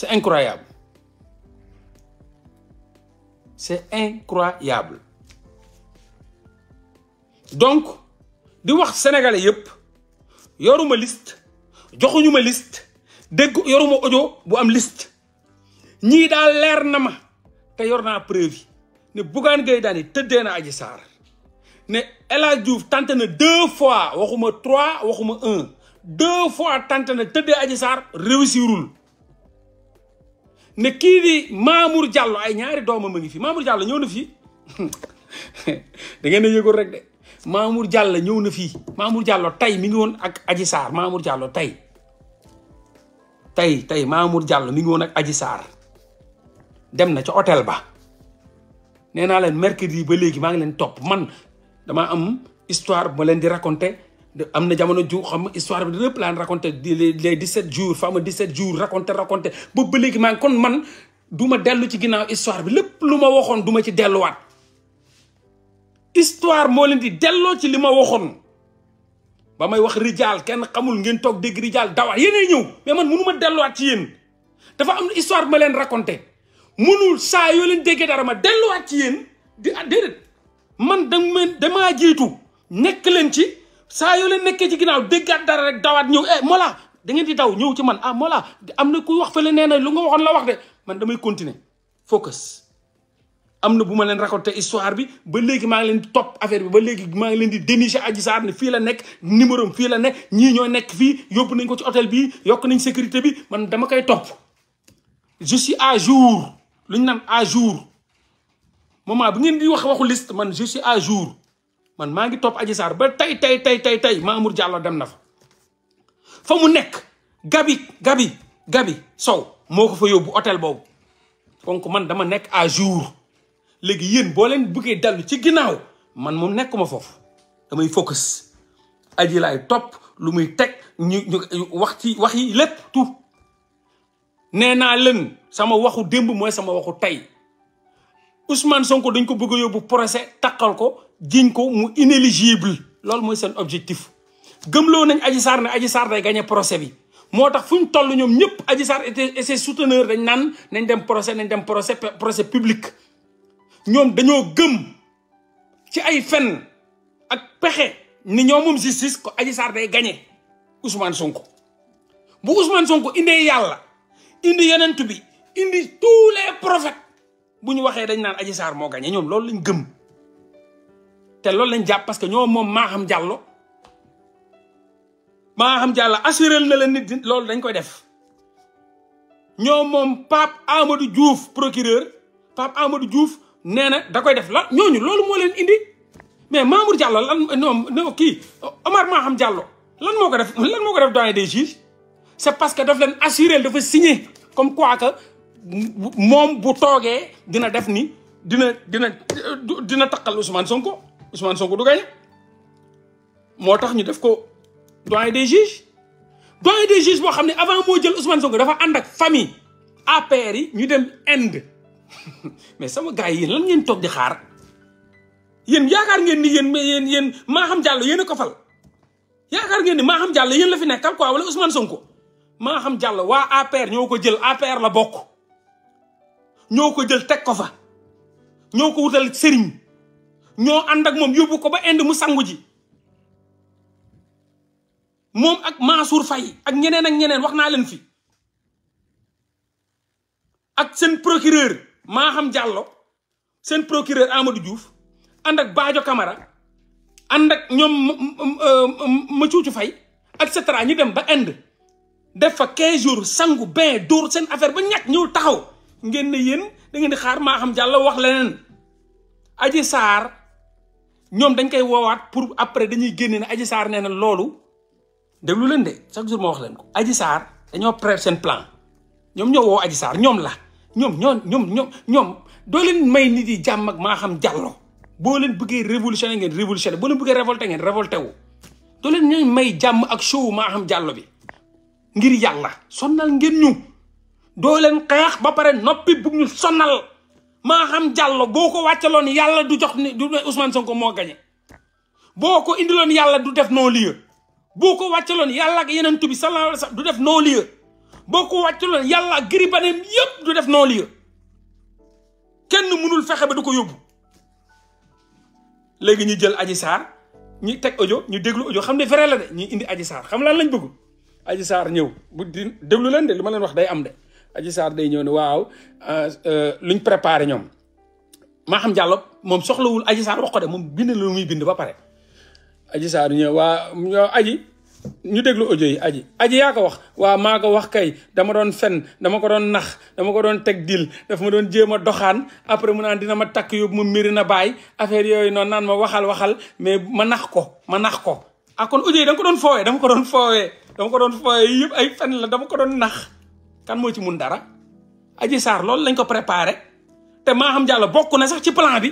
C'est incroyable. C'est incroyable. Donc, de voir sénégalais yëpp une liste joxuñu une liste une yoruma audio bu am liste une liste. vous, na ma liste. preuve ne Bougane une te na ne El deux fois waxuma trois un deux fois tenté na ne kii di Mamour ay ñaari doomam a ngi fi Mamour Diallo ñëw na fii da ngeen a yëgul rek de Mamour Diallo ñëw na fii Mamour Diallo tey mi ngi woon ak Adji Sarr Mamour Diallo tey tey tey Mamour Diallo mi ngi woon ak Adji Sarr dem na ca hôtel ba nee naa leen mercredi ba léegi maa ngi leen topp man damaa am histoire ma leen di raconter. am na jamono ju xam nga histoire bi lépp laan raconté les 17 jours fa ma 17 jours raconté raconté boobu ba léegi maa ngi kon man du ma dellu ci ginnaaw histoire bi lépp lu ma waxoon duma ci delluwaat histoire moo leen di delloo ci li ma waxoon ba may wax rijaal kenn xamul ngeen toog dégg rijaal dawa yéenay ñëw mais man mënu ma delluwaat ci yéen dafa am histoire bi ma leen raconté mënul saa yoo leen déggee dara ma delluwaat ci yéen di ah déedéet man dama damaa jiitu nekk leen ci saa yoo leen nekkee ci ginnaaw déggaat dara rek dawaat ñëw eh Mollah da ngeen di daw ñëw ci man ah Mollah am na kuy wax fële nee na lu nga waxoon la wax de man damay continuer focus. am na bu ma leen raconté histoire bi ba léegi maa ngi leen di topp affaire bi ba léegi maa ngi leen di dénicher Adji Sarr ne fii la nekk numéro am fii la nekk ñii ñoo nekk fii yóbbu nañ ko ci hôtel bi yokk nañ sécurité bi man dama koy topp. je à jour lu ñu à jour moment bi ngeen di wax waxu liste man je suis à jour. man maa ngi topp Adji Sarr ba tey tey tey tey tey Mamour Diallo dem na fa fa mu nekk gabi gabi gabi sow moo ko fa yóbbu hôtel boobu donc man dama nekk à jour léegi yéen boo leen bëggee dellu ci ginnaaw man moom nekkuma foofu damay focus aji laay topp lu muy teg ñu ñu wax ci wax yi lépp tout nee naa leen sama waxu démb mooy sama waxu tey Ousmane Sonko dañ ko bëgg a yóbbu procès takkal ko jiñ ko mu inéligible lol moy seen objectif lo nañ Adji sar na Adji sar day gagner procès bi motax fuñ tollu ñom toll ñëpp Adji sar et ses souteneurs dañ nan nañ dem procès nañ dem procès procès public ñom dañoo gëm ci ay fen ak pexé ni ñom moom justice ko Adji sar day gagner Ousmane Sonko bu Ousmane Sonko indé yalla indi tu bi indi tous les prophètes bu waxé dañ nan Adji sar mo gagner ñom loolu lañ gëm te loolu lañ jàpp parce que ñoo moom Maham Diallo Maham Diallo assurer na la nit loolu dañ koy def ñoo moom Pape Amadou Diouf procureur Pape Amadou Diouf nee na da koy def la ñooñu loolu moo leen indi mais Mamour Diallo lan non kii Omar Maham Diallo lan moo ko def lan moo ko def doyen des juges c'est parce que daf leen assurer dafa signer comme quoi que moom bu toogee dina def ni dina dina dina taqal Ousmane Sonko. Ousmane Sonko du gañe moo tax ñu def ko doyen des juges doyen des juges boo xam ne avant moo jël Ousmane Sonko dafa ànd ak famille APR yi ñu dem Inde mais sama gars yi yéen lan ngeen toog di xaar yéen yakaar ngeen ni yéen yéen yéen Maham Diallo yéen a ko fal yaakaar ngeen ni Maham Diallo yéen la fi nekkal quoi wala Ousmane Sonko Maham jàllo waa APR ñoo ko jël APR la bokk ñoo ko jël teg ko fa ñoo ko wutal sëriñ ñoo ànd ak moom yóbbu ko ba Inde mu sangu ji moom ak Mansour fay ak ñeneen ak ñeneen wax naa leen fi ak seen procureur xam Diallo seen procureur Amadou juuf ànd ak Badio Camara ànd ak ñoom ma cuucu Faye et cetera ñu dem ba Inde def fa 15 jours sangu bain dóor seen affaire ba ñàkk ñëw taxaw ngeen ne yéen da di xaar Maham Diallo wax leneen Adji Sarr ñoom dañ koy woowaat pour après dañuy génne ne Adji Sarr nee na loolu déglu leen de chaque jour ma wax leen ko Adji Sarr dañoo prêt seen plan ñoom ñoo woo Adji ñoom la ñoom ñoom ñoom ñoom ñoom may nit yi jàmm ak maa xam jàlloo boo leen bëggee révolutionné ngeen révolutionné boo leen bëggee révolté ngeen révolté wu doo leen ñooy may jàmm ak show maa xam jàllo bi ngir yàlla sonnal ngeen ñu doo leen xeex ba pare noppi bugg ñu sonnal ma xam jallo boko waccalon yalla du jox ni Ousmane Sonko mo gagné boko indilon yalla du def no lieu boko waccalon yalla ak yeneen tubi sallallahu alaihi wasallam du def no lieu boko waccalon yalla yàlla ak giribaneem yëpp du def no lieu kenn mënul fexé ba du ko yobbu légui ñu jël Adji Sarr ñi tek audio ñu déglu audio xam né vrai la dé ñi indi Adji Sarr xam lan lañ bëgg Adji Sarr ñew bu di déglu leen de li ma wax day am dé Adji Sarr day ñëw ne waaw euh, euh, luñ préparé ñoom maa xam Diallo moom soxlawul Adji Sarr wax ko de moom bind lu muy bind ba pare Adji Sarr ñëw waa ñoo aji ñu déglu audio yi aji aji yaa ko wax waa maa ko wax kay dama doon fen dama ko doon nax dama ko doon teg dil daf ma doon jéem a doxaan après mu naan dina ma takk yóbbu ma mbiri na bàyyi affaire yooyu noon naan ma waxal waxal mais ma nax ko ma nax ko ah kon audio dama ko doon foowee dama ko doon foowee yëpp ay fen la dama kan moo ci mun dara aji sar lol lañ ko préparer té ma xam jàll bokku na sax ci plan bi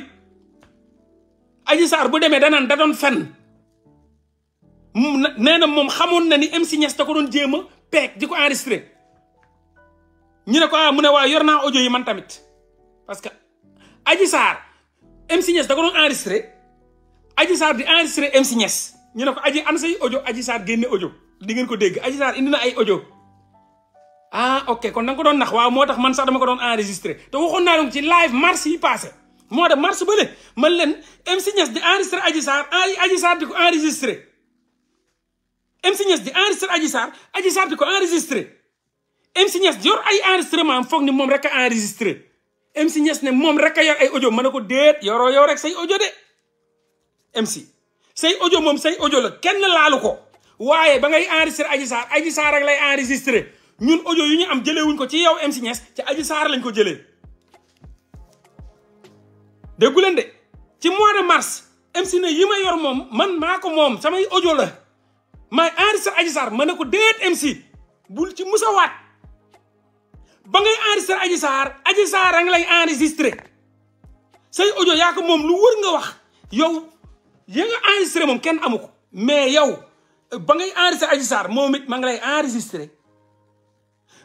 aji sar bu demee danaan da doon fenn nee na moom xamoon na ni MC Niass da ko don pek diko di ñu né ko ah mune ne yorna audio yi man tamit parce que aji sar, MC Niass da ko don enregistrer aji sar di enregistrer MC Niass ñu né ko aji an say audio aji sar génné audio di ngeen ko dégg aji sar indi na ay audio ah ok kon da ko doon nax waaw moo tax man sax dama ko doon enregistré te waxoon naa leen ci live mars yi passé mois de mars ba léegi man leen MC ah, Niass di enregistré Adji Sarr Adji Sarr di ko enregistré. MC Niass di enregistré Adji Sarr Adji Sarr ko enregistré MC Niass yor ay enregistrement am foog ni moom rek a enregistré MC Niass ne moom rek a yor ay ojo mën na ko déet yoroo yow rek say audio de MC say ojo moom say ojo la kenn laalu ko waaye ba ngay enregistré Adji Sarr Adji Sarr rek lay enregistré. ñun audio yu ñu am jëlee ko ci yow MC Niass ci Adji saar lañ ko jëlee déggu leen de ci mois de mars si ne yi ma yor moom man maako moom samay audio la maay enregistré Adji Sarr ma ne ko déet MC bul ci musawaat ba ngay enregistré Adji Sarr Adji Sarr a ngi lay enregistré say audio moom lu wër nga wax yow ya nga enregistré moom kenn amu ko mais yow ba ngay enregistré Adji Sarr moom it ma ngi lay enregistré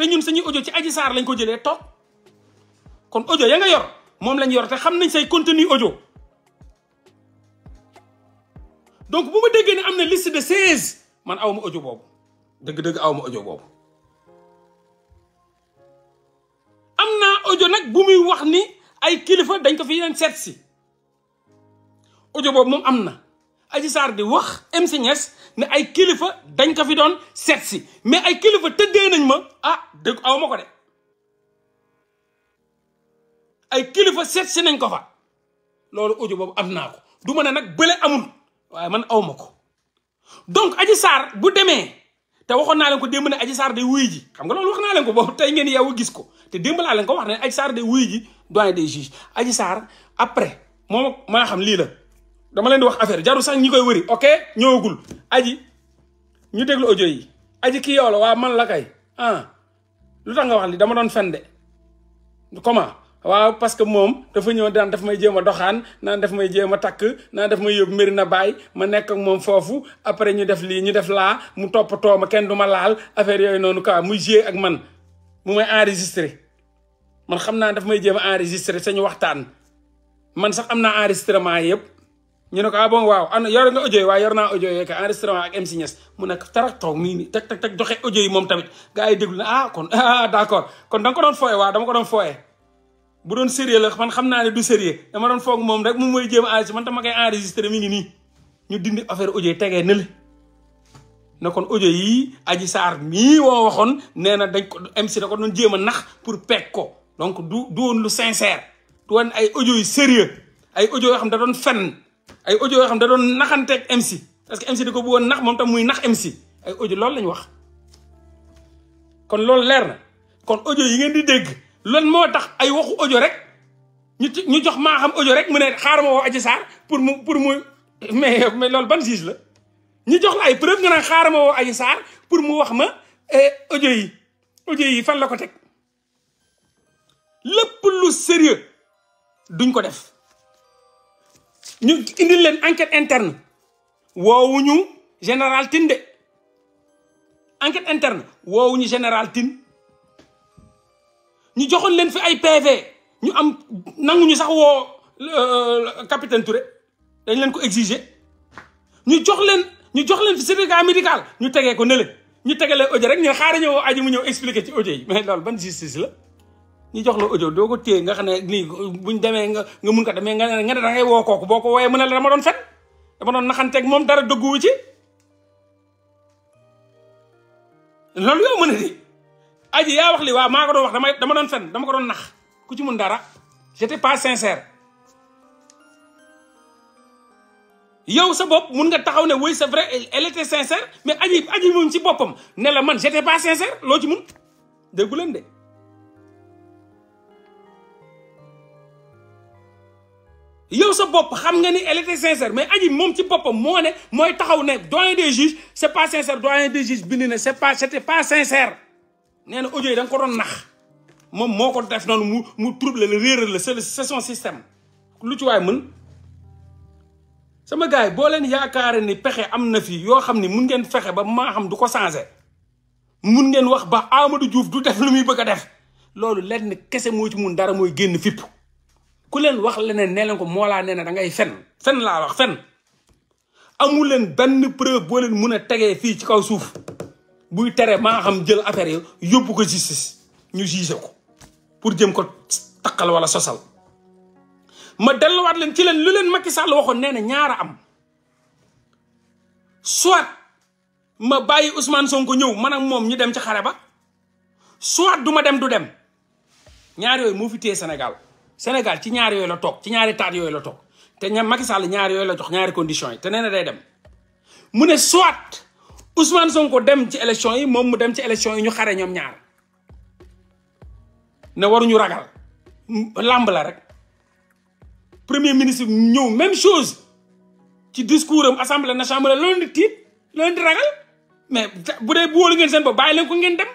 te ñun suñuy audio ci Adji saar lañ ko jëlee toog kon audio ya nga yor moom lañ yor te xam nañ say contenu audio donc bu ma déggee ne am na liste de seize man aw ma audio boobu dëgg-dëgg awma ma audio boobu am naa audio nag bu muy wax ni ay kilifa dañ ko fi yeneen seet si audio boobu moom am na Adji Sarr di wax MC Niass ne ay kilifa dañ ko fi doon seet si mais ay kilifa tëddee nañ ma ah dëgg aw ko de ay kilifa seet si nañ ko fa loolu audio boobu am naa ko du ma ne nag bële amul waaye man aw ko donc Adji Sarr bu demee te waxoon naa leen ko démb ne Adji Sarr day wuy ji xam nga loolu wax naa leen ko boobu tey ngeen yow gis ko te démb laa leen ko wax ne Adji Sarr day wuy ji doyen des juges Adji Sarr après moom maa xam lii la. dama len di wax affaire jaru sax ñi wëri ok ñewugul aji ñu déglu audio yi aji ki yow la waa man la kay ah lu tax nga wax li dama don fen de comment wa parce que mom dafa ñëw daan daf may jéem doxaan naan daf may jéem tak naan daf may yob merina bay ma nekk ak mom fofu après ñu def li ñu def la mu to ma kenn duma laal affaire yoy nonu ka muy jé ak man mu may enregistrer man xamna daf may enregistrer waxtaan man sax amna enregistrement yépp ñu ne ko ah waaw ana yor nga audio yi waaye yor naa audio yi kay enregistrement ak MC Niass mu nekk tarak toog nii nii yi moom tamit gars yi déglu na ah kon ah kon da ko doon fooye waaw dama ko doon fooye bu doon sérieux la man xam naa ne du sérieux doon foog moom rek moom mooy jéem a enregistré man tam ma koy enregistré mi ñu dindi affaire audio yi tegee nële na kon audio yi aji saar mii woo waxoon nee na dañ ko MC da ko doon jéem a nax pour peeg ko donc du du woon lu sincère du woon ay audio yu sérieux ay audio yoo xam da doon fen ay audio yoo xam da doon naxanteeg MC parce que MC da ko bëggoon nax moom tam muy nax MC ay audio loolu lañ wax kon loolu leer na kon audio yi ngeen di dégg lan moo tax ay waxu audio rek ñu ñu jox maaxam xam rek mu ne xaaral ma woo pour mu pour mu mais mais loolu ban juge la ñu jox ay preuve nga naan xaaral ma woo Adji Sarr pour mu wax ma eh, audio yi audio yi fan la ko teg lépp lu sérieux duñ ko def ñu indil leen enquête interne ñu général Tine de enquête interne woowuñu général tin ñu joxoon leen fi ay PV ñu am nanguñu sax woo euh, capitaine Touré dañ leen ko exiger ñu jox leen ñu jox leen fi certificat médical ñu tegee ko nële ñu tegee leen rek ñu xaar ñëw aji mu ñëw expliquer ci audio yi mais loolu ban justice la. ñu jox la audio doo ko téye nga xam ne nii buñ demee nga nga mun ko demee nga ne nga ne da ngay woo kooku boo ko wooyee mu ne la dama doon fen dama doon naxanteeg moom dara dëgguwu ci loolu yaa wax li waaw maa ko doon wax dama dama doon fen dama ko doon nax ku ci mun dara j'étais pas sincère yow sa bopp mun nga taxaw ne oui sa vrai elle était sincère mais aji aji moom ci boppam ne man j'étais pas sincère loo ci mun déggu leen de yow sa bop xam nga ni elle était sincère mais aji mom ci bopam mo ne moy taxaw ne doyen des juges c'est pas sincère doyen des juges bind c'est pas c'était pas sincère nee audio yi dang ko don nax mom moko def non mu mu trouble le réeral le c'est son système lu ci way mën sama gars bo len yakare ni pexé amna fi yo xamni mën ni mun ngeen fexe ba ma xam du ko changé mun ngeen wax ba Amadou Diouf du def lu muy bëgg def lolou len kese mo ci mun dara moy génn fipp Kulen leen wax lenen ne len ko mola nena da ngay fen fen la wax fen amu len ben preuve bo len mun tege fi ci kaw souf buy téré ma xam jël affaire yi ko justice ñu juge ko pour jëm ko takal wala sosal ma wat len ci len lu len Macky Sall waxon nena ñaara am soit ma bàyyi Ousmane Sonko ñew man ak mom ñu dem ci xare ba soit duma dem du dem ñaar yoy mo fi té Sénégal Sénégal ci ñaari yooyu la toog ci ñaari taat yooyu la toog te ña Macky Sall ñaar yooyu la jox ñaari conditions yi te nee na day dem mu ne soit Ousmane Sonko dem ci élection yi moom mu dem ci élection yi ñu xare ñoom ñaar ne waruñu ragal làmb rek premier ministre ñëw même chose ci discours am assemblée nationale loolu di tiit loolu di ragal mais bu dee bu wóolu ngeen seen bopp bàyyi leen ko ngeen dem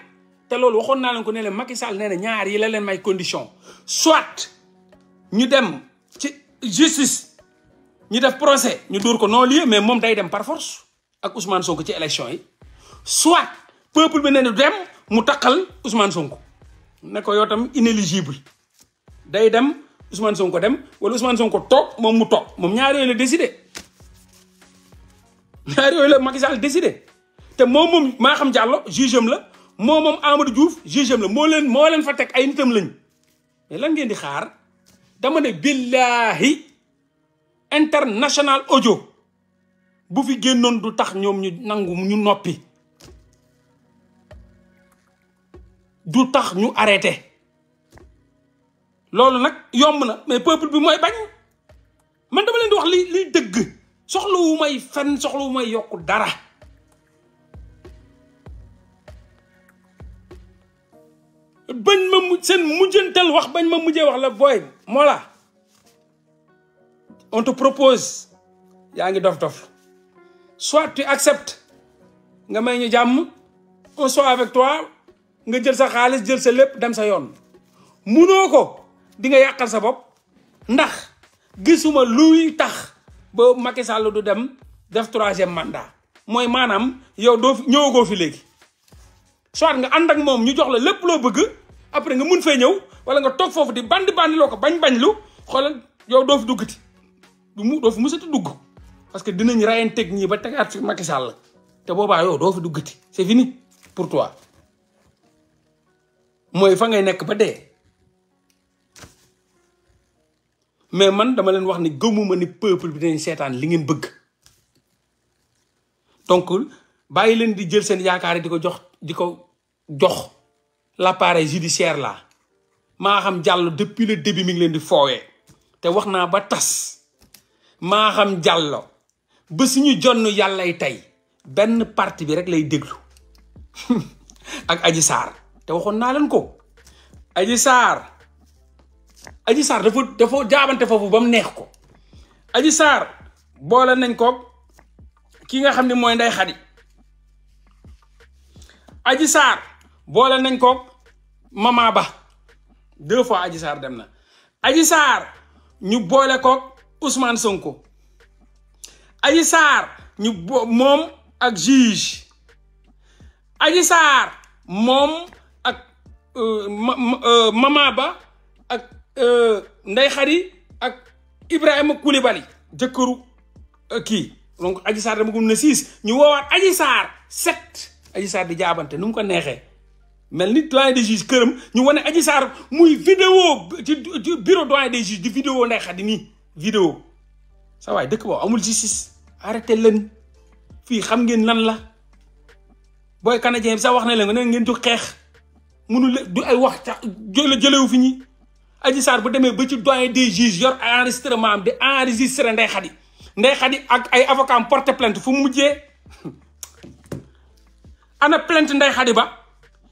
te loolu waxoon naa leen ko nee leen Macky Sall nee ñaar yi la leen may condition soit ñu dem ci justice ñu def procès ñu dóor ko non lieu mais moom day dem par force ak Ousmane Sonko ci élection yi soit peuple bi ne ñu dem mu taqal Ousmane Sonko ne ko tam inéligible day dem Ousmane Sonko dem wala Ousmane Sonko toog moom mu toog moom ñaar yooyu la décidé ñaar yooyu la Macky Sall décidé te moom moom maa xam Diallo juge am la moom moom Amadou Diouf juge la moo leen moo fa teg ay nitam lañ mais lan ngeen di xaar. dama ne billahi international audio bu fi gennon du tax ñom ñu nangu ñu nopi du tax ñu arrêté lolu nak yom na mais peuple bi moy bañ man dama leen di wax li deug soxlu wu may soxlu wu may yok dara bañ ma sen mujjantal wax bañ ma mujjé wax la boy Mola on te propose yang ngi dof-dof soit tu acceptes nga may ñu jamm on soit avec toi nga jël sa xaalis jël sa lepp dem sa yoon mëno ko di nga yakal sa bop ndax gisuma luy tax ba Macky Sall du dem def 3e mandat moy manam yow doo ñëwagoo fi léegi soit nga and ak mom ñu jox la lepp lo bëgg après nga mën fay ñëw wala nga tok fofu di bandi bandi loko ko bañ bañ lu xolal yow do fi duggati du mu do fi ta dugg parce que dinañ rayanteeg ñi ba tagat ci Macky Sall te boba yow do fi duggati c'est fini pour toi moy fa ngay nek ba dé mais man dama len wax ni geumuma ni peuple bi dañ sétan li ngeen bëgg donc bayi len di jël sen yaakaari diko jox di jox l'appareil judiciaire là maa xam jàll depuis le début mi ngi leen di foowee te wax naa ba tas maa xam jàllo ba suñu jonn yàllay tey benn parti bi rek lay déglu ak aji saar te waxoon naa leen ko aji saar aji saar dafa jaabante foofu ba mu neex ko aji saar boole nañ ko ki nga xam ne mooy nday xadi aji saar boole nañ ko mama ba deux fois Adji Sarr dem na Adji Sarr ñu boole koog Ousmane Sonko Adji Sarr ñu bo moom ak juge Adji moom ak euh, euh, mama ba ak euh, Ndeye Khady ak Ibrahima Koulibaly jëkkëru kii donc Adji Sarr dama gum na six ñu woowaat Adji Sarr sept Adji Sarr di jaabante nu mu ko neexee mel ni doyen des juges këram ñu wane aji saar muy vidéo ci bureau doyen des juges di vidéo Ndeye Khady nii vidéo sa waay dëkk boobu amul justice arrêté leen fii xam ngeen lan la booy canadien bi sax wax na leen ko ne ngeen jóg xeex munu le du ay wax ca jële jëlewu fi ñi Adji Sarr bu demee ba ci doyen des juges yor enregistrement am di enregistré Ndeye Khady Ndeye Khady ak ay avocat am porté fu mu mujjee ana plainte Ndeye Khady ba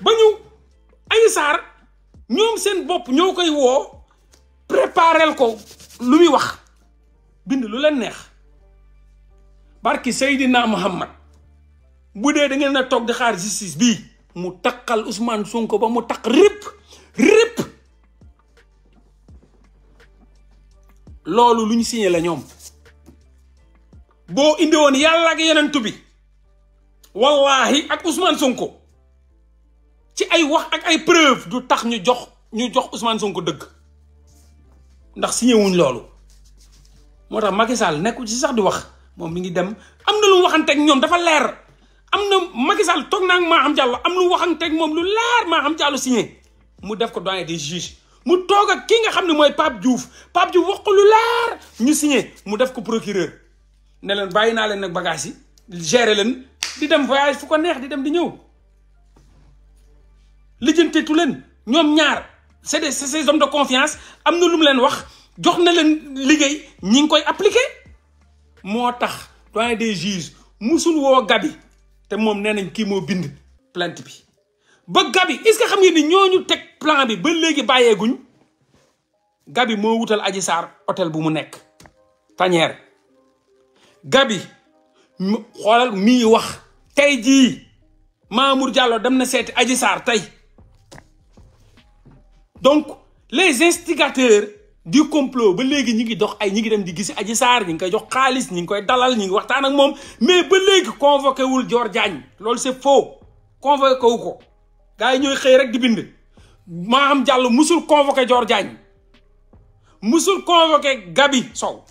bañu ay sar ñom seen bop ñoo koy woo préparel ko lu mi wax bind lu leen neex barki Muhammad bu de da ngeen na tok di xaar justice bi, mu takal Ousmane Sonko ba mu tak rip rip lolou luñu signé la ñom bo indi won yalla ak yenen tubi wallahi ak Ousmane Sonko ci ay wax ak ay preuve du tax ñu jox ñu jox Ousmane Sonko deug ndax signé wuñ lolu motax Macky Sall nekku ci sax di wax mom mi ngi dem amna lu waxante ak ñom dafa leer amna Macky Sall tok nak ma am Diallo am lu ak mom lu leer am Diallo signé mu def ko doyen des juges mu toga ki nga xam moy pap Diouf Pape Diouf wax ko lu leer ñu signé mu def ko procureur ne len bayina len nak bagage yi gérer len di dem voyage fu ko neex di dem di ñew lijjanteetu leen ñoom ñaar c'est des ces hommes de confiance am na lu mu leen wax jox na leen liggéey ñi ngi koy appliquer moo tax doyen des juges musul woo Gabi te moom nee nañ kii moo bind plant bi ba Gabi est-ce que xam ngeen ni ñooñu teg plan bi ba léegi bàyyeeguñ Gabi moo wutal aji saar hôtel bu mu nekk Tanière Gabi xoolal mii wax tey jii Mamour Diallo dem na seeti aji saar tey donc les instigateurs di complot ba léegi ñi ngi dox ay ñi ngi dem di gisi Adji Sarr ñi nga koy jox xaalis ñi ngi koy dalal ñi ngi waxtaan ak moom mais ba léegi convoqué wul Dior Diagne loolu c'est faux convoqué wu ko gars ñooy xëy rek di bind Maham Diallo musul convoqué joor Diagne musul convoqué Gabi Sow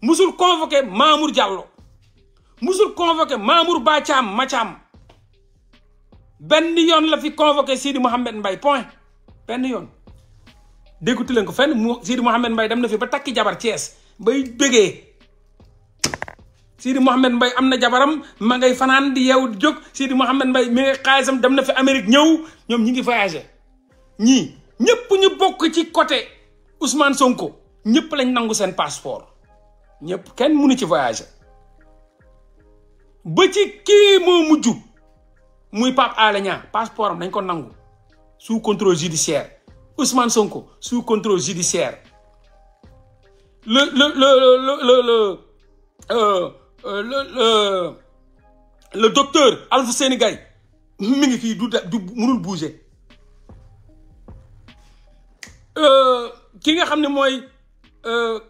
musul convoqué Mamour Diallo musul convoqué Mamour Ba Thiam Mathiam benn yoon la fi convoqué Sidi Mohamed mbay point benn yoon déggutu leen ko fenn mu Sidi Mouhamed Mbaye dem na fi ba takki jabar Thiès bay bëggee Sidi Mouhamed Mbaye am na jabaram ma ngay fanaan di yow jóg Sidi Mouhamed Mbaye mi ngay xaalisam dem na fi Amérique ñëw ñoom ñi ngi voyagé ñii ñëpp ñu bokk ci côté Ousmane Sonko ñëpp lañ nangu seen passeport ñëpp kenn mënu ci voyagé ba ci kii moo mujj muy Pape Alagna passeportam dañ ko nangu. sous contrôle judiciaire. Ousmane Sonko, sous contrôle judiciaire. Le, le, le, le, euh, euh le docteur Alpha Sénégal, euh, il ne bouger. Euh, Qui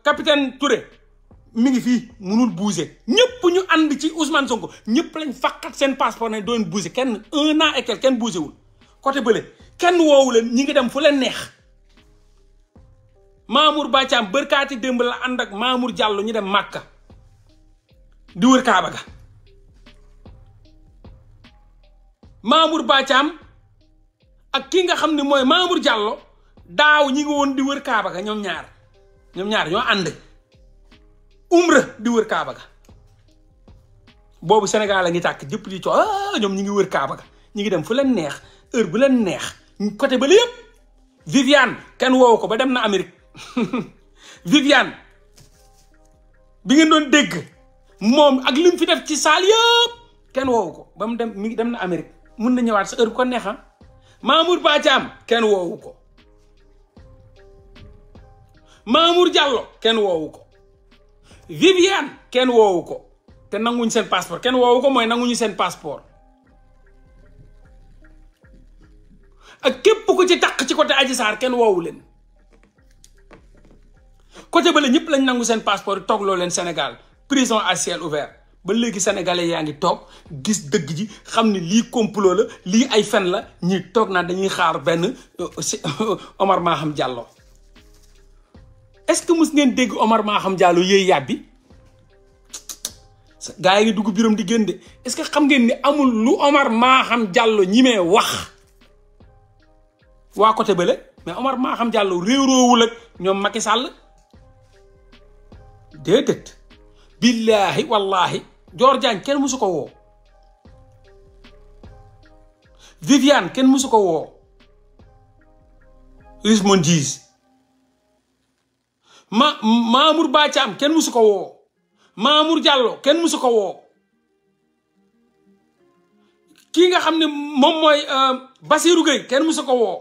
capitaine Touré, il ne peut pas bouger nous ñu est ci Ousmane Sonko ñëpp lañ passeport ne doon bouger un an et quelqu'un kenn woowu leen ñi ngi dem fu leen neex Mamour Bàccaam bërkaati démb la ànd ak Mamour Diallo ñu dem Màkka di wër Kaaba ga Mamour Bàccaam ak ki nga xam ne mooy Mamour jàllo daaw ñi ngi woon di wër Kaaba ga ñoom ñaar ñoom ñaar ñoo ànd umra di wër Kaaba ga boobu Sénégal la ngi tàkk jëpp di coow ah, ñoom ñi ngi wër Kaaba ga ñi ngi dem fu leen neex heure bu leen neex côté ba lepp Viviane ken wo ko ba dem na Amérique Viviane bi ngeen don deg mom ak lim fi def ci salle yeb ken wo ko ba dem mi dem na Amérique mën na ñëwaat sa heure ko neexa ah? Mamour Badiam ken wo ko Mamour Diallo ken wo ko Viviane ken wo ko te nanguñ sen passeport ken wo ko moy nanguñ sen passeport ak képp ku ci taq ci côté Adji Sarr kenn woowu leen côté bale ñëpp lañ nangu seen passeport yi toogloo leen Sénégal prison à ciel ouvert ba léegi sénégalais yaa ngi toog gis dëgg ji xam ni lii complot la lii ay fen la ñi toog naa dañuy xaar benn euh, Omar Maham Diallo est-ce que mus ngeen dégg Omar Maham Diallo yëy yàbbi gaa yi ngi dugg biram di génn de est-ce que xam ngeen ni amul lu Omar xam Diallo ñi mee wax waa côté bële mais Omar maa xam Diallo réeroowul ak ñoom Macky Sall déedéet billaahi wallaahi Dior Diagne kenn musu ko woo Viviane kenn musu ko woo Ousmane Diis ma Mamour Ba kenn musu ko woo Mamour Diallo kenn musu ko woo kii nga xam ne moom mooy euh, Basirou Gueye kenn musu ko woo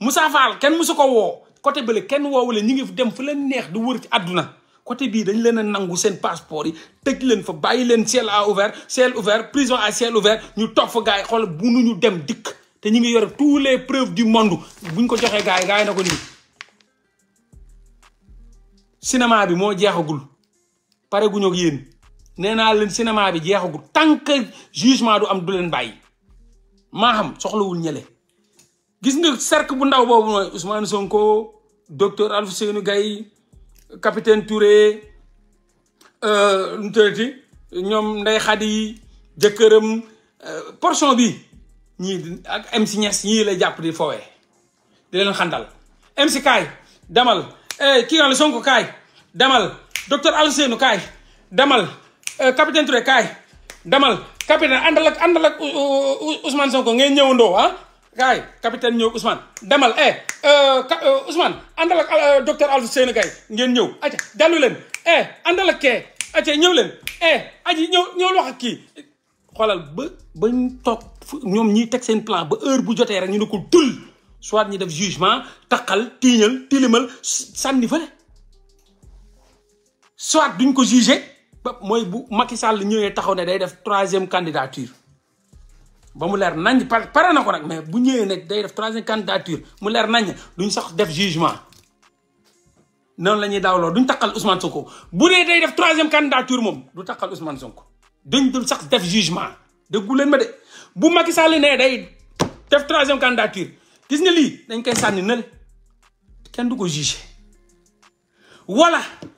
Moussa Fall kenn musu ko woo côté bële kenn woowu woowule ñi ngi dem fu leen neex du wër ci àdduna côté bii dañ leen a nangu seen passeport yi tëj leen fa bàyyi leen ciel à ouvert ciel ouvert prison à ciel ouvert ñu toog fa gars yi xool bu nu ñu dem dikk te ñu ngi yore tous les preuves du monde ñu ko joxee gars yi gars yi na ko nii cinéma bi moo jeexagul pare guñu ak yéen nee naa leen cinéma bi jeexagul tant que jugement du am du leen bàyyi maa xam soxlawul ñële gis nga cercle bu ndaw boobu mooy Ousmane Sonko docteur Alfousseynou Gaye capitaine Touré euh, nu tëddati ñoom Ndeye Khady jëkkëram euh, portion bi ñii ak MC Niass ñii lay jàpp di fowee di leen xandal MC kaay demal eh, kii naa la Sonko kaay demal docteur Alfousseynou kaay demal euh, capitaine Touré kaay demal capitaine àndal ak àndal ak Ousmane Sonko ngeen ñëwandoo ah gars capitaine ñëw Ousmane demal eh euh, euh, Ousmane àndal ak euh, docteur Alpha Seyni Gaye ngeen ñëw aca dellu leen eh ñëw leen eh aji ñëw ñëw wax ak kii xoolal ba bañ toog ñoom ñiy teg seen plan ba heure bu jotee rek ñu ne ko tul soit ñi def jugement taqal tiiñal tilimal sànni fële soit duñ ko jugé ba mooy bu Macky sàll ñëwee taxaw ne day def troisième candidature ba leer par mais bu troisième candidature mu leer nañ jugement Non, la ñuy duñ Ousmane Sonko bu dee day troisième candidature moom du Ousmane Sonko duñ dul sax def jugement De ma de bu Macky Sall troisième candidature gis nga lii dañ koy du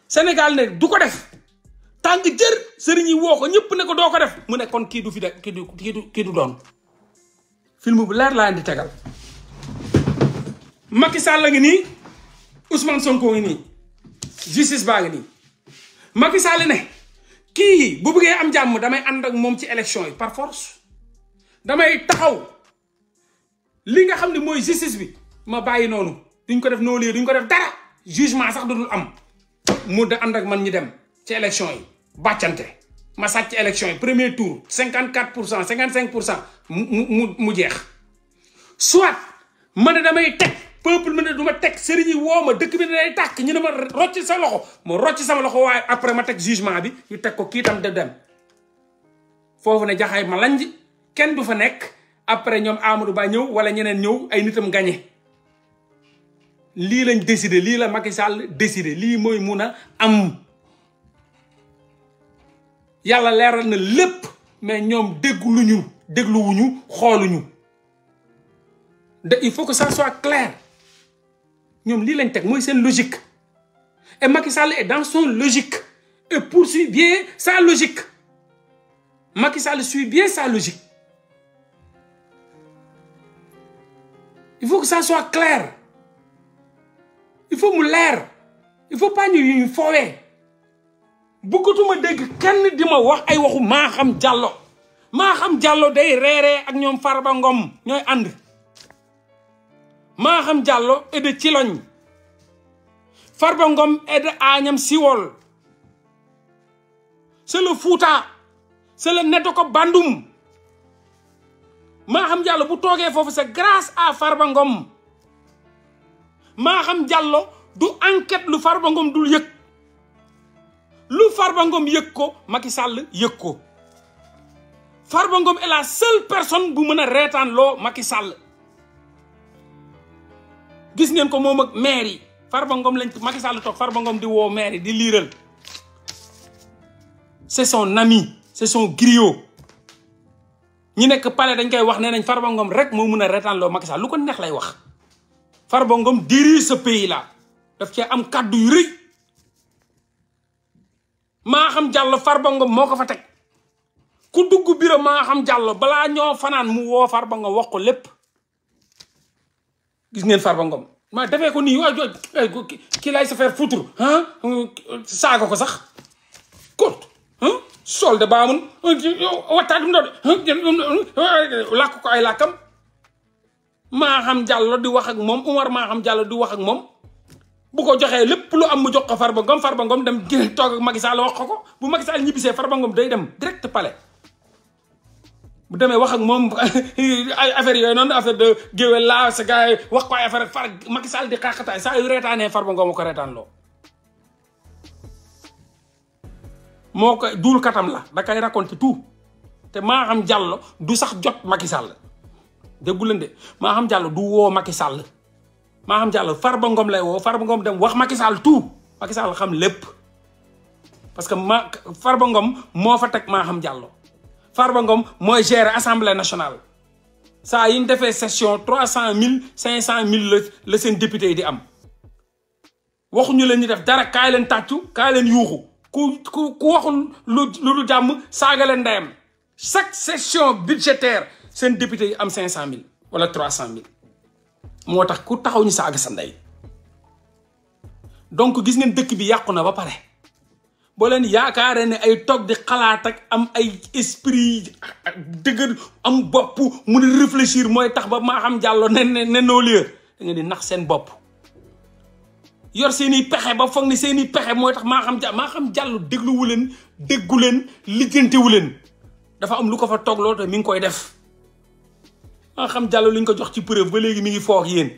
Sénégal ne du tàng jër sëriñ yi woo ko ñëpp ne ko doo ko def mu ne kon kii du fi de kii du kii du doon film bu leer laa leen di tegal Macky Sall ngi nii Ousmane Sonko ngi nii justice baa ngi nii Macky Sall ne kii bu bëggee am jàmm damay ànd ak moom ci élection yi par force damay taxaw li nga xam ne mooy justice bi ma bàyyi noonu duñ ko def noonu duñ ko def dara jugement sax du dul am mu de ànd ak man ñi dem ci élection yi bàccante ma sàcc élection yi premier tour 54 quatre pour cent cinquante pour cent mu mu mu jeex soit ma ne damay teg peuple ma ne du ma teg sëriñ yi woo ma dëkk bi ne day tàkk ñu ne ma rocc sa loxo ma rocc sama loxo waaye après ma teg jugement bi ñu teg ko kii tam de dem foofu ne jaxay ma lanj kenn du fa nekk après ñoom Amadou Ba ñëw wala ñeneen ñëw ay nitam gagné lii lañ décider lii la Macky Sall décider lii mooy mun a am yalla leral na lepp mais nous dégluñu dégluwuñu xooluñu de il faut que ça soit clair ñom li lañ tek moy une logique et Macky Sall est dans son logique et poursuit bien sa logique Macky Sall suit bien sa logique il faut que ça soit clair il faut mu l'air. il faut pas ñu ñu tuma deg kenn di wax ay waxu Maham ma Maham jallo day reeree ak ñom Farba Ngom and ma Maham jallo ede de loñ Farba Ngom siwal de futa Siwol c'est le Fouta c'est le ko Bandum Maham jallo bu toge fofu c'est grâce à Farba Ngom Maham jallo du enquête lu Farba Ngom dul yekk lu farbangom Ngom ko Macky Sall yëg ko est la seule personne bu meuna retane lo Macky Sall gis ngeen ko mom ak maire farbangom lañ Macky Sall tok farbangom di wo maire di liiral c'est son ami c'est son griot ñi nek palais dañ koy wax nee nañ Farba rek mo meuna retane lo Macky Sall lu ko neex lay wax farbangom dirige ce pays là daf ci am cadeau yu rëy maa xam far ba Ngom moo ko fa teg ku dugg bureau maa xam jàll balaa ñoo fanaan mu woo Farba Ngom wax ko lépp gis ngeen Farba Ngom maa defee ko nii waay kii lay sa faire foutre saaga ko sax kóot sol de baamun wattaat mu lakk ko ay làkkam maa xam jàlloo di wax ak moom Umar maa xam jàll di wax ak moom bu ko joxe lepp lu am mu jox ko Farba Ngom Farba Ngom dem gi tok ak Macky Sall wax ko ko bu Macky Sall ñibbisee Farba Ngom day dem direct palais bu démé wax ak mom ay affaire yoy non affaire de gewé la sa gars wax ko ay affaire far Macky Sall di xaaxataay sa yu rétané Farba Ngom ko rétan lo moko dul katam la da kay raconter tout te ma xam jàll du sax jot Macky Sall déggu ma de xam jàll du wo Macky Sall maa xam jàll Farba Ngom lay woo far Farba Ngom dem wax Macky Sall tout Macky Sall xam lépp parce que ma Farba Ngom moo fa teg maa xam jàll ba Ngom mooy gérer assemblée nationale saa yi ñu defee session trois cent milles cinq cent mille la seen député yi di am waxuñu leen ñu def dara kaay leen tàccu kaay leen yuuxu ku ku ku waxul lu lu jàmm saaga leen ndeyam chaque session budgétaire seen député yi am cinq cent mille wala trois cent mille moo tax ku taxaw ñu saaga sa ndey donc gis ngeen dëkk bi yàqu na ba pare boo leen yaakaaree ne ay toog di xalaat ak am ay esprit dëgër am bopp mu a réfléchir mooy tax ba maa xam jàllo ne ne ne noo lieu da di nax seen bopp yor seen i pexe ba foog ni seen i pexe mooy tax maa xam jàll maa xam jàllo dégluwu leen déggu leen lijjantiwu leen dafa am lu ko fa toog loolu te mi ngi koy def maa xam Diallo li ñu ko jox ci preuve ba léegi mu ngi foox yéen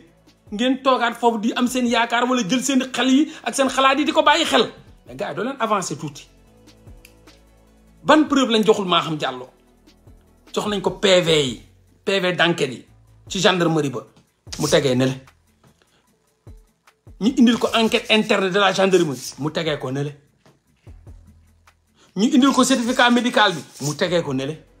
ngeen toogaat foofu di am seen yaakaar wala jël seen xel yi ak seen xalaat yi di ko bàyyi xel mais yi doo leen avancer tuuti ban preuve lañ joxul maa xam jox nañ ko PV PV d'enquête yi ci gendarmerie ba mu tegee ne ñu indil ko enquête internet de la gendarmerie mu tegee ko ne ñu indil ko certificat médical bi mu tegee ko ne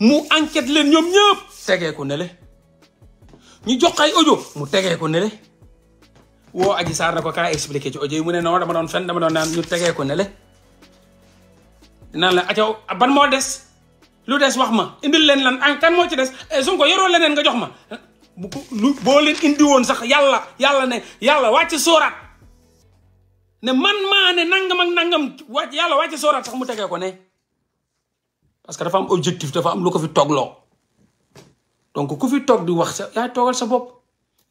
mu enquête leen ñoom ñëpp tegee ko ñu jox ay audio mu tegee ko ne le woo Adji Sarr na ko kaa expliqué ci audio yi mu ne non dama doon fen dama doon naan ñu tegee ko ne le naan la acaw ban moo des lu des wax ma indil leen lan an moo ci des eh, Sonko yoroo leneen nga jox ma ko boo leen indi woon sax yàlla yàlla ne yàlla wàcc sooraat ne man maa ne nangam ak nangam wàcc yàlla wàcc sóoraat sax mu tegee ko ne parce que dafa am objectif dafa am lu ko fi toogloo donc ku fi toog di wax sa sa bopp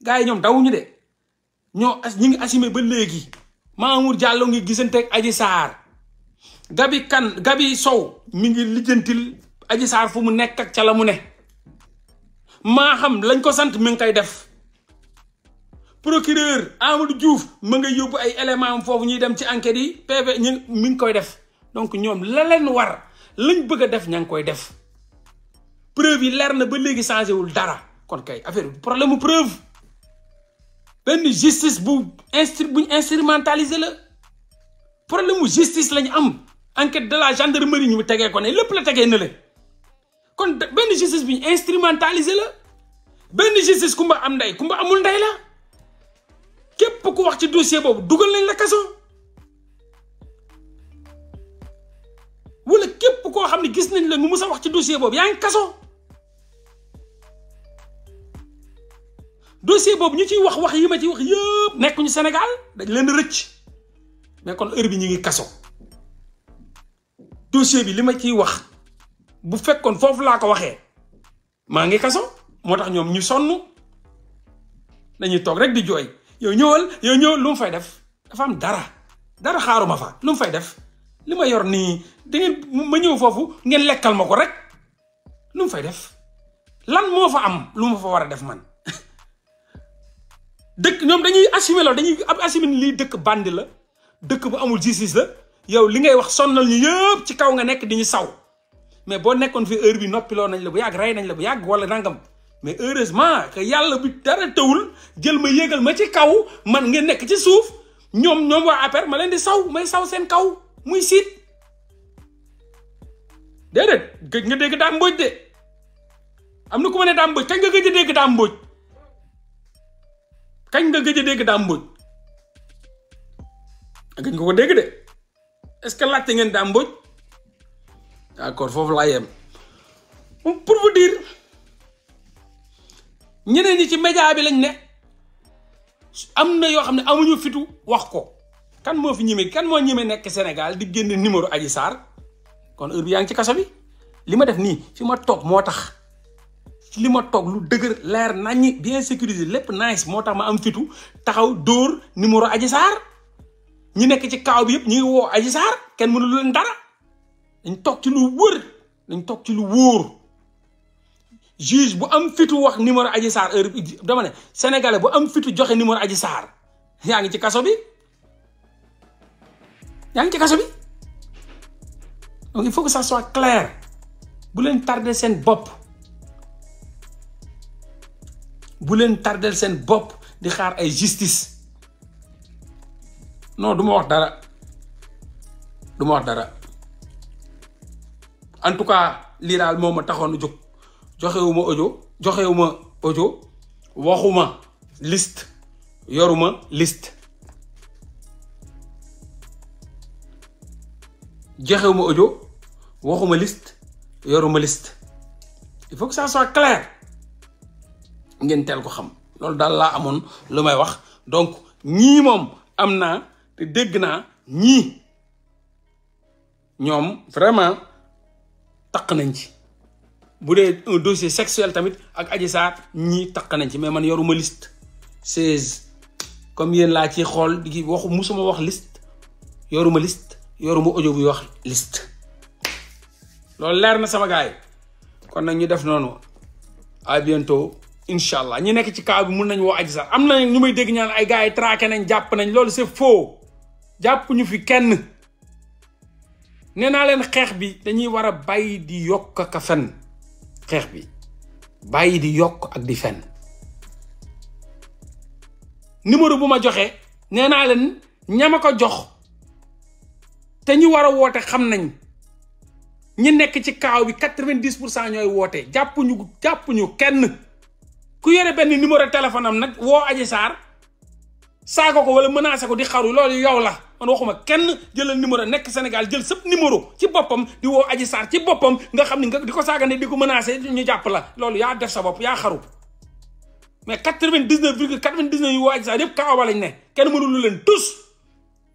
gars yi ñoom dawuñu de ñoo as ñi ngi assumé ba léegi Mamour Diallo ngi gisante ak Adji Sarr Gabi Kan Gabi Sow mi ngi lijjantil Adji Sarr fu mu nekk ak ca la mu ne maa xam lañ ko sant mi ngi koy def procureur Amadou Diouf ma nga yóbbu ay éléments am foofu ñuy dem ci enquête yi PV ñu mi ngi koy def donc ñoom la leen war lañ bëgg a def ña ngi koy def preuve yi leer na ba léegi changé wul dara kon kay affaire bi problème mu preuve benn justice bu instru buñ instrumentalisé la problème mu justice lañ am enquête de la gendarmerie ñu tegee ko ne lépp la tegee na le kon benn justice buñ instrumentalisé la benn justice kumba am ndey kumba amul ndey la képp ku wax ci dossier boobu dugal lañ la kaso. wala képp koo xam ne gis nañ la nga mus a wax ci dossier boobu yaa ngi kaso boobu ñu ciy wax wax yi ma ciy wax yëpp nekkuñu senegal dañ leen rëcc mais kon heure bi ñu ngi kaso dossier bi li ma ciy wax bu fekkoon foofu laa ko waxee maa ngi kaso moo tax ñoom ñu sonn dañuy toog rek di jooy yooyu ñëwal yow ñëwal lu mu fay def dafa am dara dara xaaruma fa lu mu fay def li ma yor nii da ngeen ma ñëw foofu ngeen lekkal ma ko rek lu mu fay def lan moo fa am lu ma fa war a def man dëkk ñoom dañuy assumer dañuy dañuy assumer lii dëkk bandi la dëkk bu amul justice la yow li ngay wax sonnal ñu yëpp ci kaw nga nekk di ñu saw mais boo nekkoon fi heure bi noppiloo nañ la bu yàgg rey nañ la bu yàgg wala nangam mais heureusement que yàlla bi dara tawul jël ma yéegal ma ci kaw man ngeen nekk ci suuf ñoom ñoom waa APR ma leen di saw may saw kaw muy sit dedet gëj nga deg da mboj de amna na ku ma ne daam mbóoj kañ nga gëj deg da mboj mbóoj nga gëj deg da mboj mbóoj nga ko deg de est-ce que laajte ngeen da mboj d'accord fofu la yem pour vous dire ñeneen ñi ci média bi lañ ne amna yo yoo amuñu fitu wax ko kan mo fi ñëmé kan mo ñëmé nek Sénégal di génn numéro Adji sar kon heure bi lima ci kasso bi lima def ni fi ma tok motax lima tok lu deuguer lèr nañ bien sécurisé lépp nice motax ma am fitu taxaw door numéro Adji sar ñi nek ci kaw bi yëpp ñi wo woo Adji Sarr mënu dara dañ tok ci lu wër dañ tok ci lu wër juge bu am fitu wax numéro Adji sar heure dama né sénégalais bu am fitu joxe numéro Adji sar ya ngi ci kasso bi donc il faut que ça soit clair bu leen tardel seen Bob bu leen tardel xaar ay justice non je wax dara wax dara en tout cas lii Je moma ma joxewuma audio joxewuma audio waxuma liste yoruma liste joxewuma audio waxuma liste liste il faut que ça soit clair ngeen teel ko xam loolu daal may wax donc nous moom am te dégg naa ñii vraiment taq nañ ci bu un dossier sexuel tamit ak Adji Sarr ñii taq mais man yoruma liste comme yéen laa ci di liste liste yoruma audio buy wax list loolu leer na sama gaay kon nag ñu def noonu à bientôt incha allah ñi nekk ci kaa mun nañ woo aj sax am na ñu may dégg ñaan ay gars yi traqué nañ jàpp nañ loolu c'est foo jàpp ñu fi kenn nee naa leen xeex bi dañuy war a bàyyi di yokk ak a fen xeex bi bàyyi di yokk ak di fen numéro bu ma joxe nee naa leen ñama ko jox te ñu war a woote xam nañ ñi nekk ci kaaw bi quatre-vingt-dix pour cent ñooy woote jàppuñu jàppuñu kenn ku yore benn numéro téléphone am nag woo Adji Sarr saaga ko wala menacé ko di xaru loolu yow la man waxuma kenn jëlal numéro nekk Sénégal jël sëpp numéro ci boppam di woo Adji ci boppam nga xam ni nga di ko saaga di ko menacé ñu jàpp la loolu yaa def sa bopp yaa xaru mais quatre-vingt-dix-neuf virgule quatre vingt dix woo Adji Sarr kaaw ba lañ ne kenn mënulu leen tus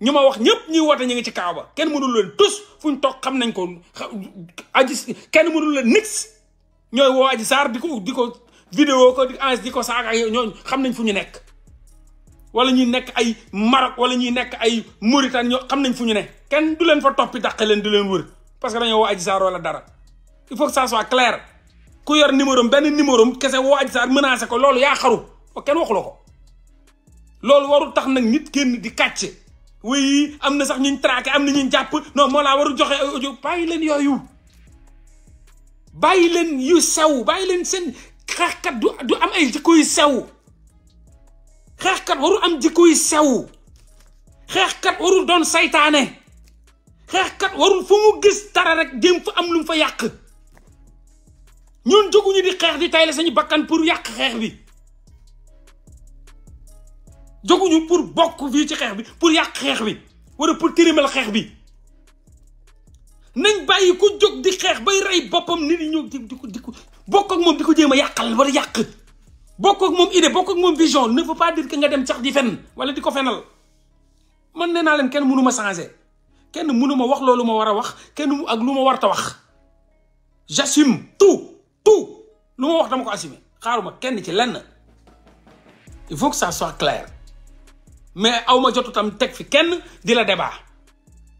ñu ma wax ñëpp ñuy woote ñu ngi ci kaaba kenn mënul leen tus fu ñu toog xam nañ ko aji kenn mënul leen nix ñooy woo aji saar di ko di ko vidéo ko di di ko saaga ñooñu xam nañ fu ñu nekk wala ñuy nekk ay Maroc wala ñuy nekk ay Mauritanie ñoo xam nañ fu ñu ne kenn du leen fa toppi daqe leen du leen wër parce que dañoo woo aji saar wala dara il faut que ça soit clair ku yor numéro benn numéro kese woo aji saar menacé ko loolu yaa xaru kenn waxu la ko loolu warul tax nag nit kenn di kàcce oui am na sax ñu traqué am na ñu jàpp non moo laa warul joxe audio bàyyi leen yooyu bàyyi leen yu sew bàyyi leen seen xeexkat du du am ay jikko yu sew xeexkat warul am jikko yu sew xeexkat warul doon saytaane xeexkat warul fu mu gis dara rek jéem fa am lu fa yàq ñun jóguñu di xeex di tay la sañu bakkan pour yàq xeex bi pour bokk vi ci bi pour yàq xex bi wala pour tirimal xex bi nañ bàyyi ku jóg di xeex bay rey boppam nit ñëw bokk ak a wala yàq bokk ak moom idée bokk ak moom vision ne veut pas dire que nga dem sax di fen wala di fenal man nee naa kenn changer kenn wax loolu ma war wax kenn ak warta wax j'assume tout tout lu ma wax dama ko assumer xaaruma kenn ci lenn il faut que ça soit clair mais awma jotu tam teg fi kenn di la débat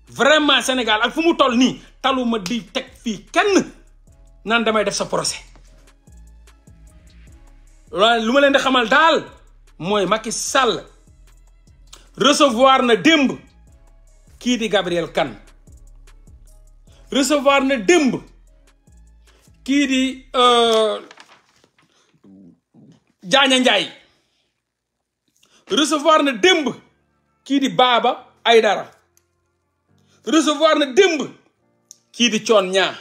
vraiment Sénégal ak fu mu toll ni taluma di tek fi kenn nan damay def sa procès loolu lu ma di xamal dal moy Macky Sall recevoir na demb ki di Gabriel kan, recevoir na demb ki di euh, Diagne Ndiaye recevoir na démb kii di Baba Aydara recevoir na démb kii di coon ñaa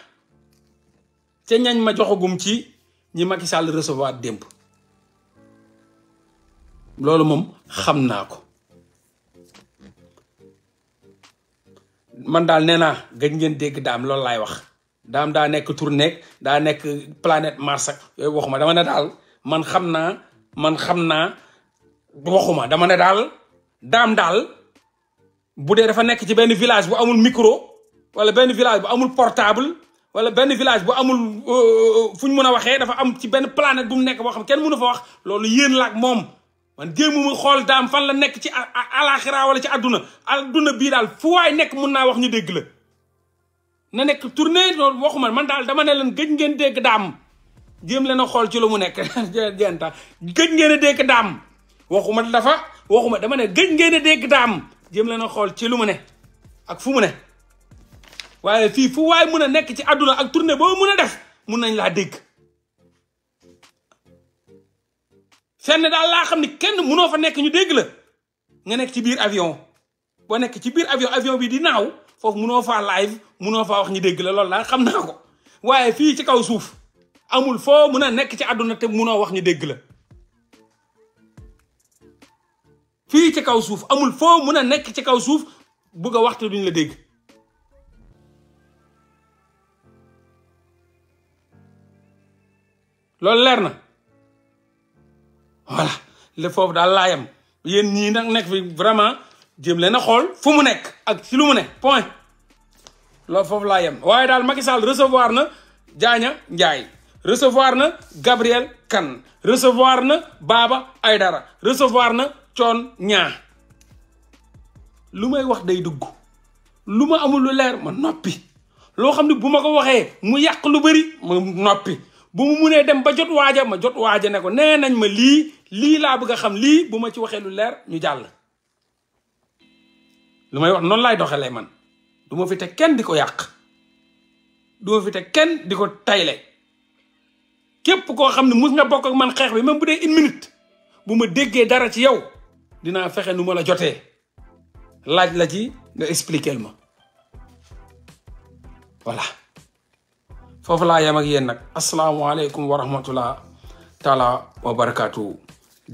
ca ñañ ma joxagum ci ñi Macky Sall recevoir démb loolu moom xam naa ko man daal nee naa gëj ngeen dégg daam loolu laay wax daam daa nekk tournée daa nekk planet Mars ak yooyu waxuma dama ne daal man xam naa man xam naa waxuma dama ne daal daam daal bu dee dafa nekk ci benn village bu amul micro wala benn village bu amul portable wala benn village bu amul euh, euh, fu ñu mën a waxee dafa am ci benn planète bu mu nekk boo xam kenn mënu fa wax loolu yéen laak moom man jéemuma xool daam fan la nekk ci alaxira wala ci adduna adduna bii daal fu nekk mun naa wax ñu dégg la na nekk tournée loolu waxuma man daal dama ne leen gëj ngeen dégg daam jéem leen a xool ci lu mu nekk jenta gëj ngeen a dégg daam waxuma dafa waxuma dama ne gëj ngeen a dégg daam jëm leen a xool ci lu mu ne ak fu mu ne waaye fii fu waay mun a nekk ci àdduna ak turne boo mun a def mun nañ laa dégg fenn daal laa xam ni kenn munoo fa nekk ñu dégg la nga nekk ci biir avion boo nekk ci biir avion avion bi di naaw foofu munoo faa live munoo faa wax ñu dégg la loolu laa xam naa ko waaye fii ci kaw suuf amul foo mun a nekk ci àdduna te munoo wax ñu dégg la fii ci kaw suuf amul foo mën a nekk ci kaw suuf bugg a waxtu duñ la dégg lool leer na voilà le foofu daal laa laayam yéen ñii nag nekk fi vraiment jéem leen a xool fu mu nekk ak ci lu mu ne point loolu foofu laa yem waaye daal Macky Sall recevoir na Diagne njaay recevoir na Gabriel kan recevoir na Baba Aydara recevoir na coon ñaa lu may wax day dugg lu ma amul lu leer ma noppi loo xam ne bu ma ko waxee mu yàq lu bari ma noppi bu mu munee dem ba jot waaja ma jot waaja ne ko nee nañ ma lii lii laa bëgg a xam lii bu ma ci waxee lu leer ñu jàll lu may wax noonu laay doxalee man du ma fi teg kenn di ko yàq du ma fi kenn di ko tayle képp koo xam ne mus nga bokk ak man xeex bi même bu dee une minute bu ma déggee dara ci yow dinaa fexe nu ma la jotee laaj la ci nga expliquer ma voilà foofu laa yem ak yéen nag asalaamaaleykum wa rahmatullah taala wa barakaatu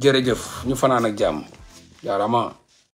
jërëjëf ñu fanaan ak jàmm